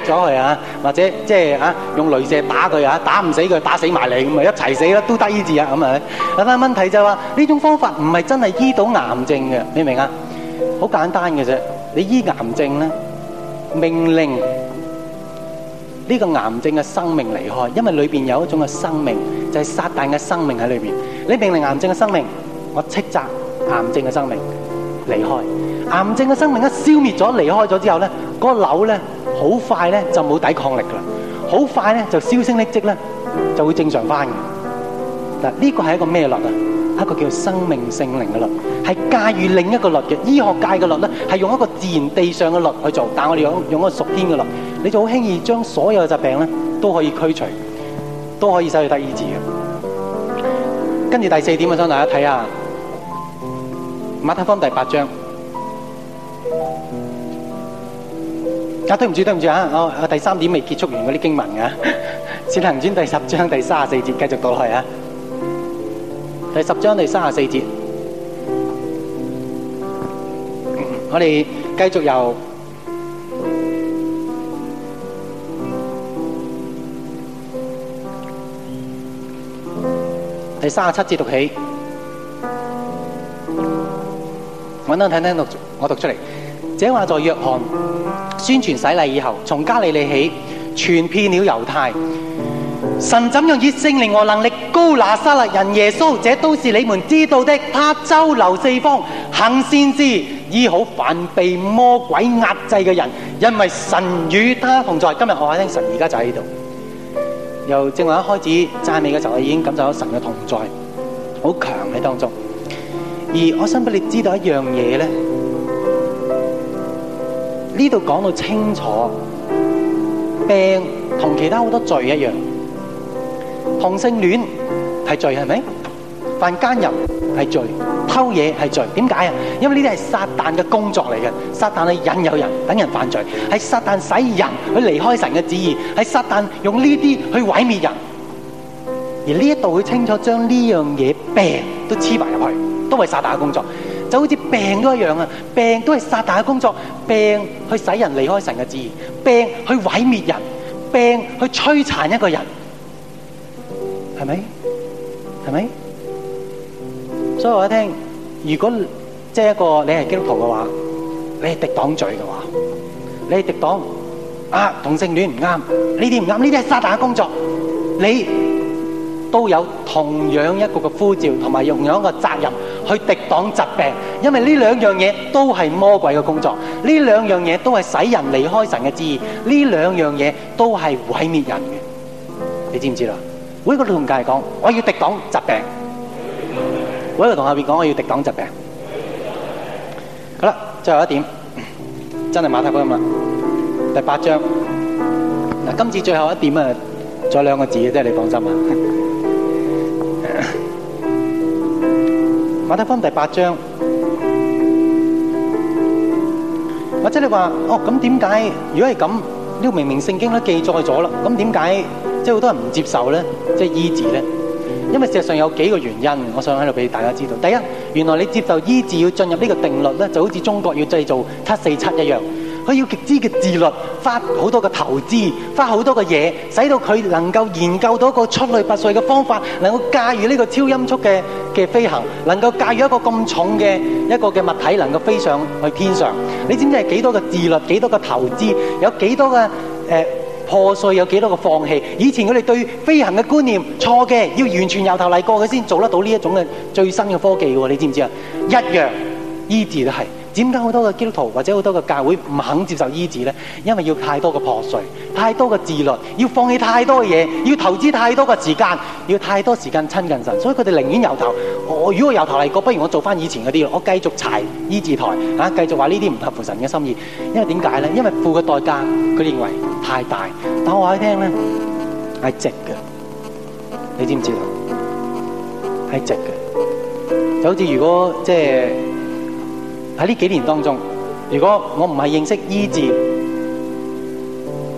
[SPEAKER 1] 咗佢啊，或者即係啊用鐳射打佢啊，打唔死佢打死埋你咁啊，一齊死啦都得醫治啊咁啊。但係問題就係話呢種方法唔係真係醫到癌症嘅，你明啊？好簡單嘅啫，你醫癌症咧，命令。呢個癌症嘅生命離開，因為裏邊有一種嘅生命，就係、是、撒旦嘅生命喺裏邊。你命令癌症嘅生命，我斥責癌症嘅生命離開。癌症嘅生命一消滅咗、離開咗之後咧，嗰、那個瘤咧好快咧就冇抵抗力㗎啦，好快咧就銷聲匿跡咧就會正常翻嘅。嗱，呢個係一個咩律啊？一個叫生命聖靈嘅律，係駕馭另一個律嘅。醫學界嘅律咧，係用一個自然地上嘅律去做，但係我哋用用一個屬天嘅律，你就好輕易將所有嘅疾病咧都可以驅除，都可以收到得醫治嘅。跟住第四點我想大家睇下，馬太福音第八章。啊，對唔住，對唔住我第三點未結束完嗰啲經文啊，《聖行傳》第十章第三十四節，繼續到落去啊。第十章第三十四節，我哋繼續由第三十七節讀起，穩當睇聽讀，我讀出嚟。這話在約翰宣傳洗禮以後，從加利利起，傳遍了猶太。神怎樣以聖靈和能力高拿撒勒人耶穌，這都是你們知道的。他周流四方，行善事，醫好凡被魔鬼壓制嘅人，因為神與他同在。今日我聽，神而家就喺呢度。由正話一開始讚美嘅時候，我已經感受到神嘅同在，好強喺當中。而我想俾你知道一樣嘢咧，呢度講到清楚，病同其他好多罪一樣。同性戀係罪係咪？犯奸淫係罪，偷嘢係罪。點解啊？因為呢啲係撒旦嘅工作嚟嘅，撒旦係引誘人，等人犯罪，係撒旦使人去離開神嘅旨意，係撒旦用呢啲去毀滅人。而呢一度佢清楚將呢樣嘢，病都黐埋入去，都係撒旦嘅工作。就好似病都一樣啊，病都係撒旦嘅工作，病去使人離開神嘅旨意，病去毀滅人，病去摧殘一個人。係咪？係咪？所以我一聽，如果即係一個你係基督徒嘅話，你係敵擋罪嘅話，你係敵擋啊同性戀唔啱，呢啲唔啱，呢啲係撒旦嘅工作。你都有同樣一個嘅呼召，同埋同樣一個責任去敵擋疾病，因為呢兩樣嘢都係魔鬼嘅工作，呢兩樣嘢都係使人離開神嘅旨意，呢兩樣嘢都係毀滅人嘅。你知唔知道？我喺度同佢哋講，我要抵擋疾病。我喺度同下邊講，我要抵擋疾病。好啦，最後一點，真係馬太福音啦，第八章。嗱，今次最後一點啊，再兩個字，即係你放心啦。馬太福音第八章，或者你話哦，咁點解？如果係咁，呢個明明聖經都記載咗啦，咁點解？即係好多人唔接受咧，即係醫治咧，因為事實上有幾個原因，我想喺度俾大家知道。第一，原來你接受醫治要進入呢個定律咧，就好似中國要製造七四七一樣，佢要極之嘅自律，花好多嘅投資，花好多嘅嘢，使到佢能夠研究到一個出類拔萃嘅方法，能夠駕馭呢個超音速嘅嘅飛行，能夠駕馭一個咁重嘅一個嘅物體，能夠飛上去天上。你知唔知係幾多嘅自律，幾多嘅投資，有幾多嘅誒？呃破碎有幾多個放棄？以前佢哋對飛行嘅觀念錯嘅，要完全由頭嚟過，佢先做得到呢一種嘅最新嘅科技喎，你知唔知啊？一樣，依字係點解好多嘅基督徒或者好多嘅教會唔肯接受醫治咧？因為要太多嘅破碎，太多嘅自律，要放棄太多嘅嘢，要投資太多嘅時間，要太多時間親近神。所以佢哋寧願由頭，我如果由頭嚟過，不如我做翻以前嗰啲，我繼續踩醫治台，啊，繼續話呢啲唔合乎神嘅心意。因為點解咧？因為付嘅代價佢哋認為太大。但我話你聽咧係值嘅，你知唔知道？係值嘅，就好似如果即係喺呢幾年當中，如果我唔係認識醫治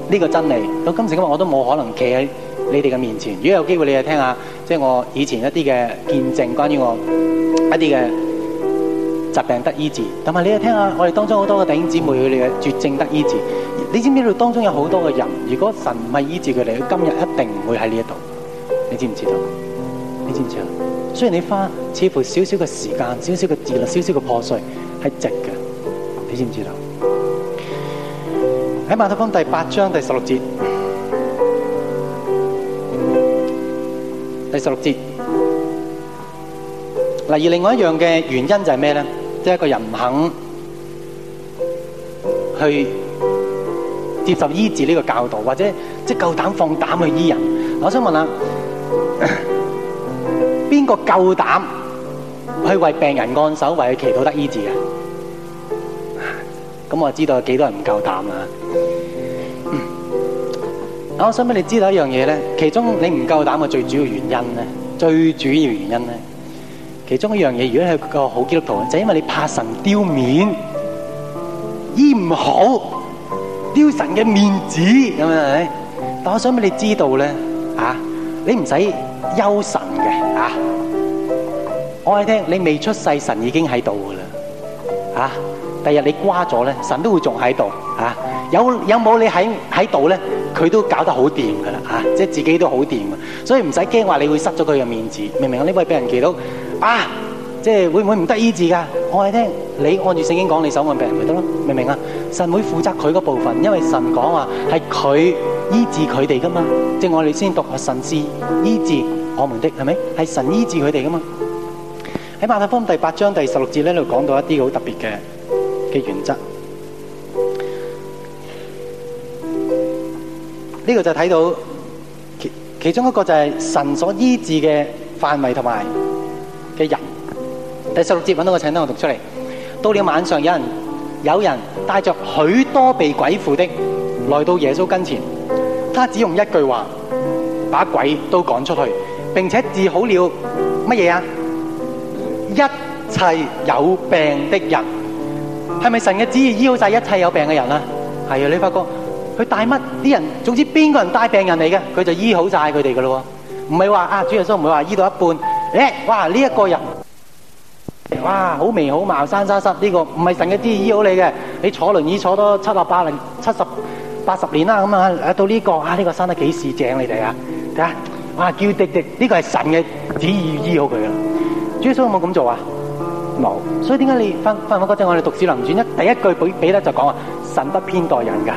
[SPEAKER 1] 呢個真理，到今時今日我都冇可能企喺你哋嘅面前。如果有機會，你就聽下，即係我以前一啲嘅見證，關於我一啲嘅疾病得醫治，同埋你就聽下，我哋當中好多嘅弟兄姊妹佢哋嘅絕症得醫治。你知唔知道？當中有好多嘅人，如果神唔係醫治佢哋，佢今日一定唔會喺呢一度。你知唔知道？你知唔知啊？雖然你花似乎少少嘅時間、少少嘅自律、少少嘅破碎。係直嘅，你知唔知道？喺馬太福音第八章第十六節，第十六節嗱，而另外一樣嘅原因就係咩咧？即係一個人唔肯去接受醫治呢個教導，或者即係夠膽放膽去醫人。我想問下，邊個夠膽？去為病人按手，為佢祈禱得醫治嘅，咁我知道有幾多人唔夠膽啦。我想俾你知道一樣嘢咧，其中你唔夠膽嘅最主要原因咧，最主要原因咧，其中一樣嘢，如果係個好基督徒，就係因為你怕神丟面，醫唔好，丟神嘅面子，係咪？但我想俾你知道咧，啊，你唔使憂神嘅，我係聽你未出世，神已經喺度噶啦，啊！第日你瓜咗咧，神都會仲喺度，啊！有有冇你喺喺度咧？佢都搞得好掂噶啦，啊！即係自己都好掂，所以唔使驚話你會失咗佢嘅面子。明唔明啊？呢位俾人見到啊，即係會唔會唔得醫治噶？我係聽你按住聖經講，你手按病人咪得咯？明唔明啊？神會負責佢個部分，因為神講話係佢醫治佢哋噶嘛，即係我哋先讀神是醫治我們的，係咪？係神醫治佢哋噶嘛？喺馬太福音第八章第十六節咧，就講到一啲好特別嘅嘅原則。呢個就睇到其中一個就係神所醫治嘅範圍同埋嘅人。第十六節揾到個，請等我讀出嚟。到了晚上，有人有人帶着許多被鬼附的來到耶穌跟前，他只用一句話把鬼都趕出去，並且治好了乜嘢啊？一切有病的人，係咪神嘅旨意醫好晒一切有病嘅人啊？係啊，你發覺佢帶乜啲人，總之邊個人帶病人嚟嘅，佢就醫好晒佢哋噶咯。唔係話啊，主耶穌唔會話醫到一半，誒、哎，哇，呢一、這個人，哇好眉好貌，生沙虱，呢、這個唔係神嘅旨意醫好你嘅，你坐輪椅坐多七啊八零七十八十年啦，咁、這個、啊到呢個啊呢個生得幾市正你哋啊，睇下哇叫迪迪，呢、這個係神嘅旨意醫好佢啊。耶穌有冇咁做啊？冇，所以點解你翻翻返嗰陣我哋讀轉《史林傳》一第一句俾俾咧就講話，神不偏待人噶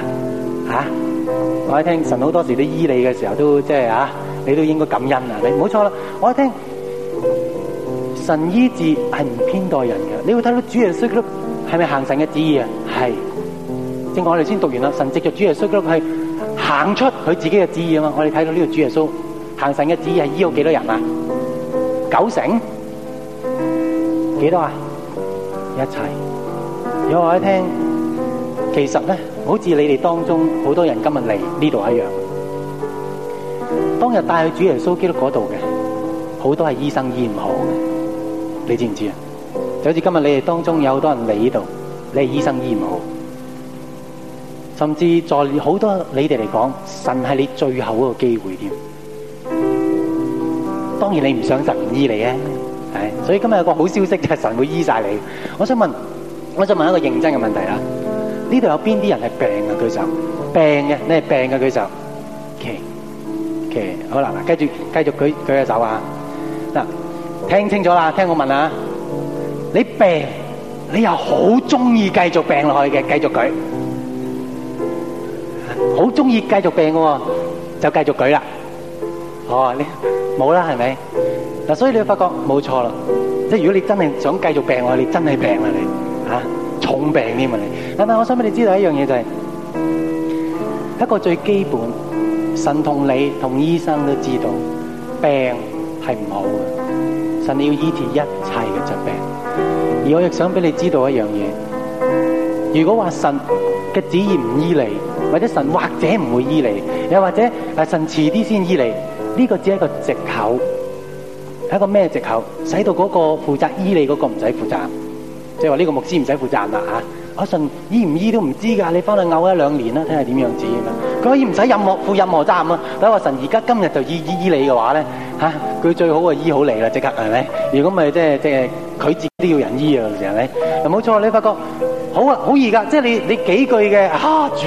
[SPEAKER 1] 吓、啊。我一聽神好多時都醫你嘅時候都即係吓，你都應該感恩啊！你冇錯啦。我一聽神醫治係唔偏待人嘅，你會睇到主耶穌係咪行神嘅旨意啊？係，正我哋先讀完啦。神藉着主耶穌佢係行出佢自己嘅旨意啊嘛。我哋睇到呢個主耶穌行神嘅旨意係醫咗幾多人啊？九成。幾多啊？一齊有我一聽。其實咧，好似你哋當中好多人今日嚟呢度一樣，當日帶去主耶穌基督嗰度嘅，好多係醫生醫唔好嘅，你知唔知啊？就好似今日你哋當中有好多人嚟呢度，你係醫生醫唔好，甚至在好多你哋嚟講，神係你最後嗰個機會添。當然你唔想神醫你嘅。係，所以今日有個好消息，就係神會醫晒你。我想問，我想問一個認真嘅問題啊。呢度有邊啲人係病嘅舉手？病嘅，你係病嘅舉手。OK，OK，好啦，嗱，繼續繼續舉舉下手啊。嗱，聽清楚啦，聽我問啊。你病，你又好中意繼續病落去嘅，繼續舉。好中意繼續病嘅，就繼續舉啦。哦，你冇啦，係咪？嗱，所以你會發覺冇錯啦，即係如果你真係想繼續病嘅話，你真係病啦，你吓、啊、重病添你，但係我想俾你知道一樣嘢，就係、是，一個最基本，神同你同醫生都知道，病係唔好嘅，神要醫治一切嘅疾病。而我亦想俾你知道一樣嘢，如果話神嘅旨意唔醫你，或者神或者唔會醫你，又或者神遲啲先醫你，呢、這個只係一個借口。喺個咩藉口，使到嗰個負責醫你嗰個唔使負責，即係話呢個牧師唔使負責啦吓。阿、啊、神醫唔醫都唔知噶，你翻去拗一兩年啦，睇下點樣治。佢可以唔使任何負任何責任啊。如阿神而家今日就醫醫你嘅話咧，吓、啊、佢最好啊醫好你啦，即刻係咪？如果咪即係即係佢自己都要人醫啊，係咪？又冇錯，你發覺好啊，好，好易噶，即係你你幾句嘅哈主。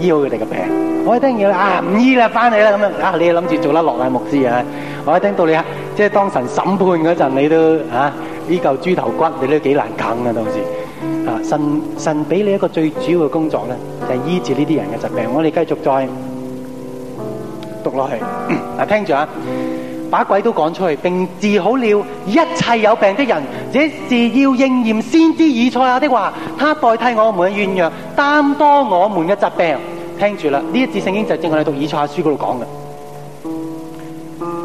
[SPEAKER 1] 醫好佢哋嘅病，我一聽要啦，啊唔醫啦，翻嚟啦咁樣，啊你又諗住做啦落難牧師啊，我一聽到你啊，即係當神審判嗰陣，你都吓呢嚿豬頭骨，你都幾難啃啊！到時啊，神神俾你一個最主要嘅工作咧，就係醫治呢啲人嘅疾病。我哋繼續再讀落去，嗱，聽住啊。把鬼都趕出去，並治好了一切有病的人，這是要應驗先知以賽亞的話。他代替我們軟弱，擔當我們嘅疾病。聽住啦，呢一節聖經就正係讀以賽亞書嗰度講嘅。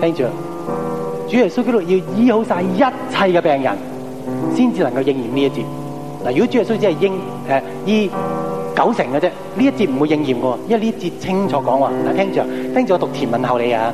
[SPEAKER 1] 聽住主耶穌基督要醫好晒一切嘅病人，先至能夠應驗呢一節。嗱，如果主耶穌只係應誒醫、呃、九成嘅啫，呢一節唔會應驗嘅，因為呢節清楚講話。嗱，聽住，聽住，我讀前文後你啊。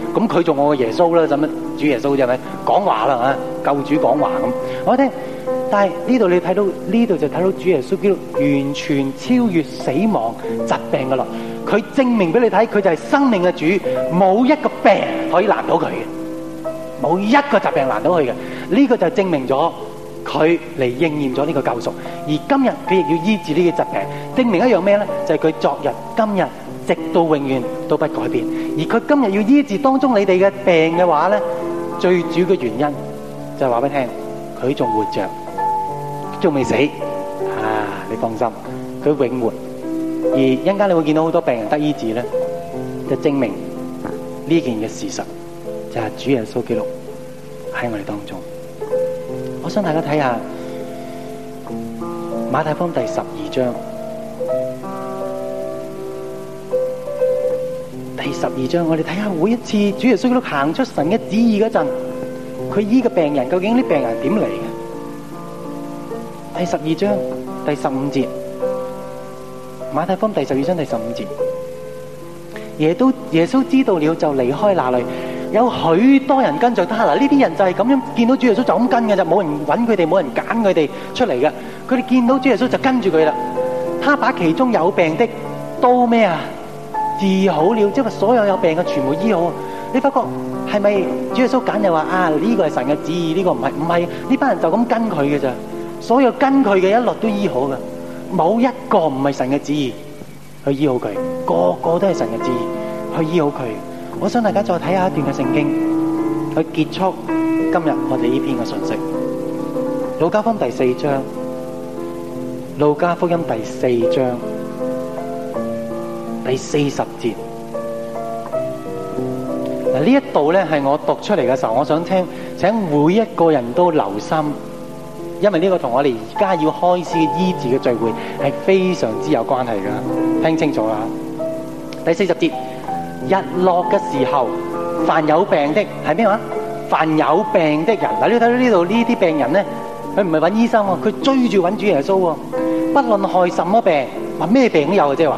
[SPEAKER 1] 咁佢做我嘅耶穌啦，咁樣主耶穌就係咪講話啦，救主講話咁，我聽，但係呢度你睇到呢度就睇到主耶穌叫完全超越死亡疾病㗎喇。佢證明俾你睇，佢就係生命嘅主，冇一個病可以難到佢嘅，冇一個疾病難到佢嘅，呢、這個就證明咗佢嚟應驗咗呢個救贖，而今日佢亦要醫治呢啲疾病，證明一樣咩咧？就係、是、佢昨日今日，直到永遠都不改變，而佢今日要醫治當中你哋嘅病嘅話咧，最主要嘅原因就係話俾你聽，佢仲活着，仲未死啊！你放心，佢永活。而一陣間你會見到好多病人得醫治咧，就證明呢件嘅事實就係主耶穌基督喺我哋當中。我想大家睇下馬太福音第十二章。第十二章，我哋睇下每一次主耶穌都行出神嘅旨意嗰陣，佢醫個病人究竟啲病人點嚟嘅？第十二章第十五節，馬太福音第十二章第十五節，耶穌耶穌知道了就離開那裡，有許多人跟著他。嗱，呢啲人就係咁樣見到主耶穌就咁跟嘅就，冇人揾佢哋，冇人揀佢哋出嚟嘅。佢哋見到主耶穌就跟住佢啦。他把其中有病的都咩啊？治好了，即係話所有有病嘅全部醫好了。你發覺係咪主耶穌揀又話啊？呢、這個係神嘅旨意，呢、這個唔係唔係呢班人就咁跟佢嘅咋。所有跟佢嘅一律都醫好嘅，冇一個唔係神嘅旨意去醫好佢，個個都係神嘅旨意去醫好佢。我想大家再睇下一段嘅聖經，去結束今日我哋呢篇嘅信息。路加福音第四章，路加福音第四章。第四十節，嗱，呢一度咧，係我讀出嚟嘅時候，我想聽，請每一個人都留心，因為呢個同我哋而家要開始嘅醫治嘅聚會係非常之有關係噶。聽清楚啦！第四十節，日落嘅時候，凡有病的係咩話？凡有病的人，嗱，你睇到呢度呢啲病人咧，佢唔係揾醫生喎，佢追住揾主耶穌喎，不論害什麼病，話咩病都有嘅，即係話。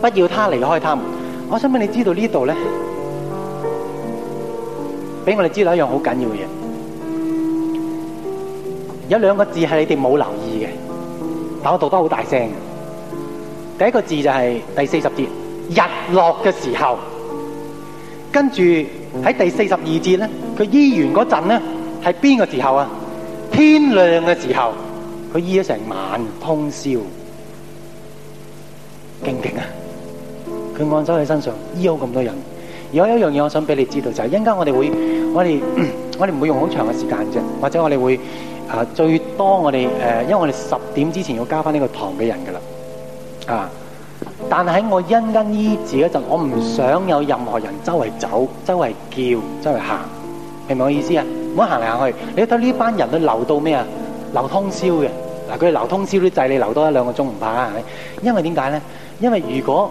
[SPEAKER 1] 不要他離開他們。我想俾你知道呢度咧，俾我哋知道一樣好緊要嘅嘢。有兩個字係你哋冇留意嘅，但我讀得好大聲。第一個字就係第四十節日落嘅時候，跟住喺第四十二節咧，佢醫完嗰陣咧，係邊個時候啊？天亮嘅時候，佢醫咗成晚通宵，勁唔勁啊！佢按咗喺身上醫好咁多人。如果有一樣嘢，我想俾你知道，就是，就係一陣間我哋會，我哋我哋唔會用好長嘅時間啫。或者我哋會誒、呃、最多我哋誒、呃，因為我哋十點之前要交翻呢個堂俾人噶啦。啊！但喺我因間醫治嗰陣，我唔想有任何人周圍走、周圍叫、周圍行，明唔明我意思啊？唔好行嚟行去。你睇呢班人，都留到咩啊？留通宵嘅嗱，佢哋留通宵啲制，你留多一兩個鐘唔怕，係咪？因為點解咧？因為如果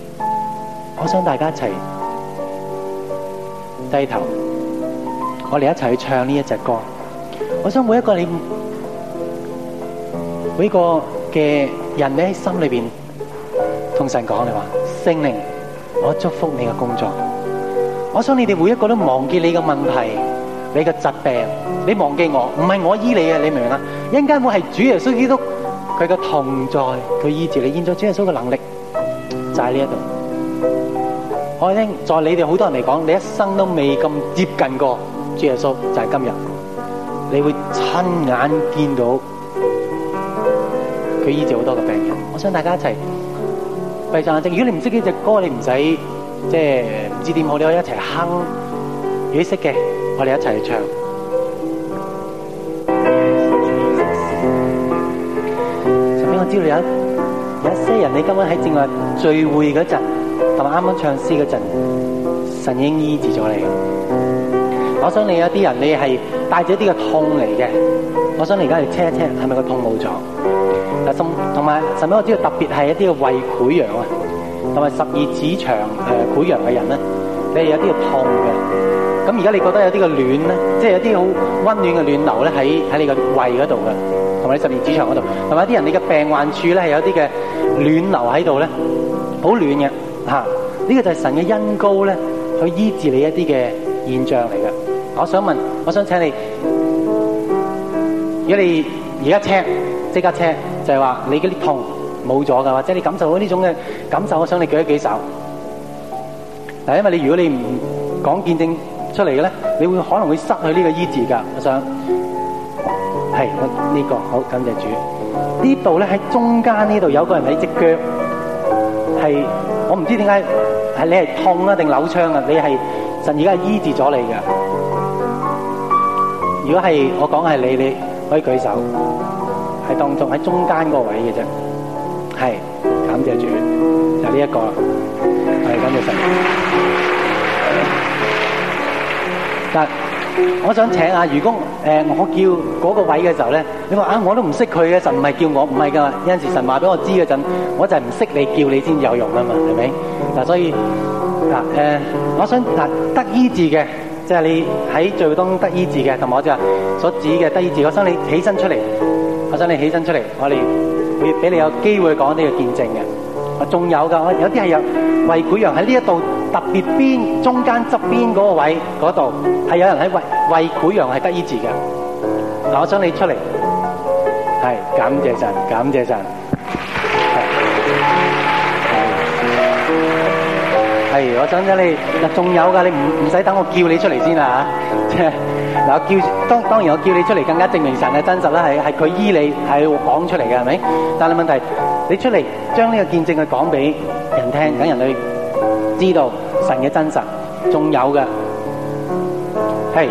[SPEAKER 1] 我想大家一齊低頭，我哋一齊去唱呢一隻歌。我想每一個你，每一個嘅人，你喺心裏邊同神講：你話聖靈，我祝福你嘅工作。我想你哋每一個都忘記你嘅問題、你嘅疾病，你忘記我，唔係我醫你嘅。你明唔明啊？一陣間會係主耶穌基督，佢嘅同在，佢醫治你，現咗主耶穌嘅能力，就喺呢一度。我聽，在你哋好多人嚟講，你一生都未咁接近過主耶穌，就係今日，你會親眼見到佢醫治好多個病人。我想大家一齊閉上眼睛。如果你唔識呢隻歌，你唔使即係唔知點好，你可以一齊哼。有啲識嘅，我哋一齊去唱。上面我知道有有一些人，你今晚喺正愛聚會嗰陣。啱啱唱詩嗰陣，神已經醫治咗你。我想你有啲人，你係帶住一啲嘅痛嚟嘅。我想你而家去 check 一 check 係咪個痛冇咗？同埋，神，我知道特別係一啲嘅胃潰瘍啊，同埋十二指腸誒、呃、潰瘍嘅人咧，你係有啲嘅痛嘅。咁而家你覺得有啲嘅暖咧，即係有啲好溫暖嘅暖流咧，喺喺你個胃嗰度嘅，同埋你十二指腸嗰度，同埋有啲人你嘅病患處咧係有啲嘅暖流喺度咧，好暖嘅？吓，呢、啊，這個就係神嘅恩膏咧，去醫治你一啲嘅現象嚟嘅。我想問，我想請你，如果你而家 check，即刻 check，就係、是、話你嗰啲痛冇咗噶，或者你感受到呢種嘅感受，我想你舉一舉手。但係，因為你如果你唔講見證出嚟嘅咧，你會可能會失去呢個醫治噶。我想係、呢、這個好，感謝主。這裏呢度咧喺中間呢度有一個人喺隻腳。係，我唔知點解係你係痛啊定扭傷啊？你係神而家醫治咗你嘅。如果係我講係你，你可以舉手，係當中喺中間個位嘅啫。係，感謝主，就呢、是、一個，係感謝神。我想請、呃、我啊，如果誒我叫嗰個位嘅時候咧，你話啊我都唔識佢嘅神唔係叫我，唔係噶，有陣時神話俾我知嗰陣，我就係唔識你叫你先有用啊嘛，係咪嗱？所以嗱誒、呃，我想嗱、呃、得醫治嘅，即、就、係、是、你喺最東得醫治嘅同我即係所指嘅得醫治，我想你起身出嚟，我想你起身出嚟，我哋會俾你有機會講呢個見證嘅，啊仲有噶，有啲係有為潰瘍喺呢一度。特別邊中間側邊嗰個位嗰度係有人喺胃胃潰瘍係得醫治嘅嗱，我想你出嚟，係感謝神，感謝神，係我等緊你，你仲有噶，你唔唔使等我叫你出嚟先啦嚇，即係嗱，我叫當當然我叫你出嚟更加證明神係真實啦，係係佢醫你係講出嚟嘅係咪？但係問題你出嚟將呢個見證去講俾人聽，等人哋。知道神嘅真實，仲有嘅，係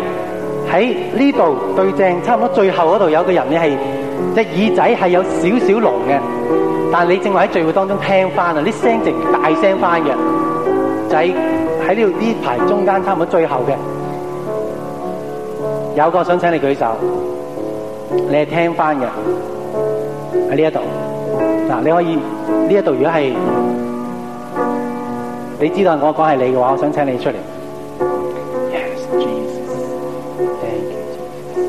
[SPEAKER 1] 喺呢度對正，差唔多最後嗰度有個人咧，係隻、就是、耳仔係有少少聾嘅，但係你正話喺聚會當中聽翻啊，啲聲直大聲翻嘅，就喺喺呢度呢排中間差唔多最後嘅，有個想請你舉手，你係聽翻嘅喺呢一度，嗱你可以呢一度如果係。你知道我講係你嘅話，我想請你出嚟。Yes, Jesus, thank you,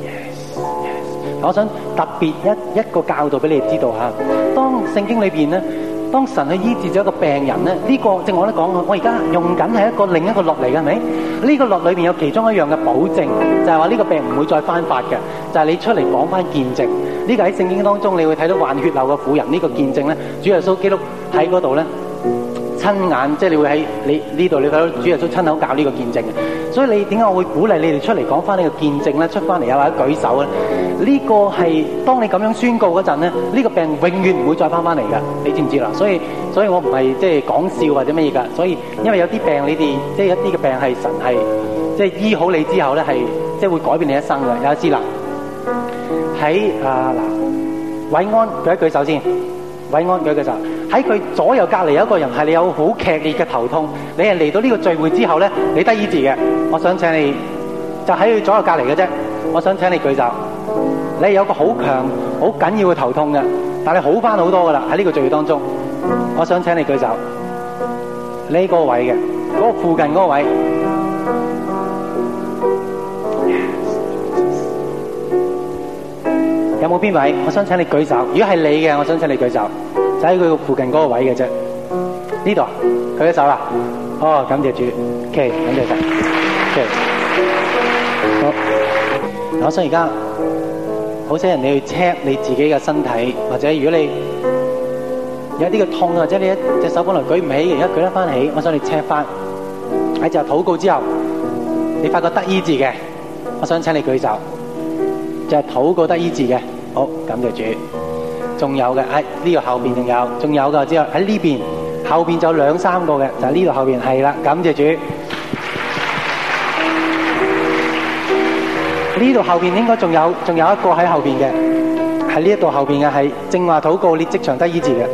[SPEAKER 1] Jesus. Yes, yes, 我想特別一一個教導俾你哋知道嚇。當聖經裏邊咧，當神去醫治咗一個病人咧，呢、這個正我咧講，我而家用緊係一個另一個落嚟嘅，係咪？呢、這個落裏邊有其中一樣嘅保證，就係話呢個病唔會再翻發嘅，就係、是、你出嚟講翻見證。呢、這個喺聖經當中，你會睇到患血流嘅婦人呢、這個見證咧，主耶穌基督喺嗰度咧。親眼即係你會喺你呢度，你睇到主耶穌都親口教呢個見證嘅，所以你點解我會鼓勵你哋出嚟講翻呢個見證咧？出翻嚟又或者舉手咧？呢、這個係當你咁樣宣告嗰陣咧，呢、這個病永遠唔會再翻翻嚟噶，你知唔知啦？所以，所以我唔係即係講笑或者乜嘢噶。所以，因為有啲病你哋即係一啲嘅病係神係即係醫好你之後咧，係即係會改變你一生嘅。有冇知啦？喺啊嗱，偉、呃、安舉一舉手先，偉安舉一舉手。喺佢左右隔離有一個人係你有好劇烈嘅頭痛，你係嚟到呢個聚會之後咧，你得意志嘅，我想請你就喺佢左右隔離嘅啫，我想請你舉手，你有一個好強、好緊要嘅頭痛嘅，但你好翻好多噶啦，喺呢個聚會當中，我想請你舉手，呢個位嘅，嗰、嗰個、附近嗰個位有冇邊位？我想請你舉手，如果係你嘅，我想請你舉手。就喺佢附近嗰個位嘅啫，呢度啊，舉一手啦。哦，感謝主，K，、OK，感謝晒，K、OK。好，我想而家好請人你去 check 你自己嘅身體，或者如果你有一啲嘅痛，或者你一隻手本來舉唔起，而家舉得翻起，我想你 check 翻。喺就禱告之後，你發覺得醫治嘅，我想請你舉手，就係禱告得醫治嘅。好，感謝主。仲有嘅，係呢度後面仲有，仲有噶，只有喺呢邊後面就有兩三個嘅，就喺呢度後面。係啦，感謝主。呢度謝後面應該仲有，仲有一個喺後面嘅，喺呢一度後面嘅，係正話禱告，列職場得醫治嘅。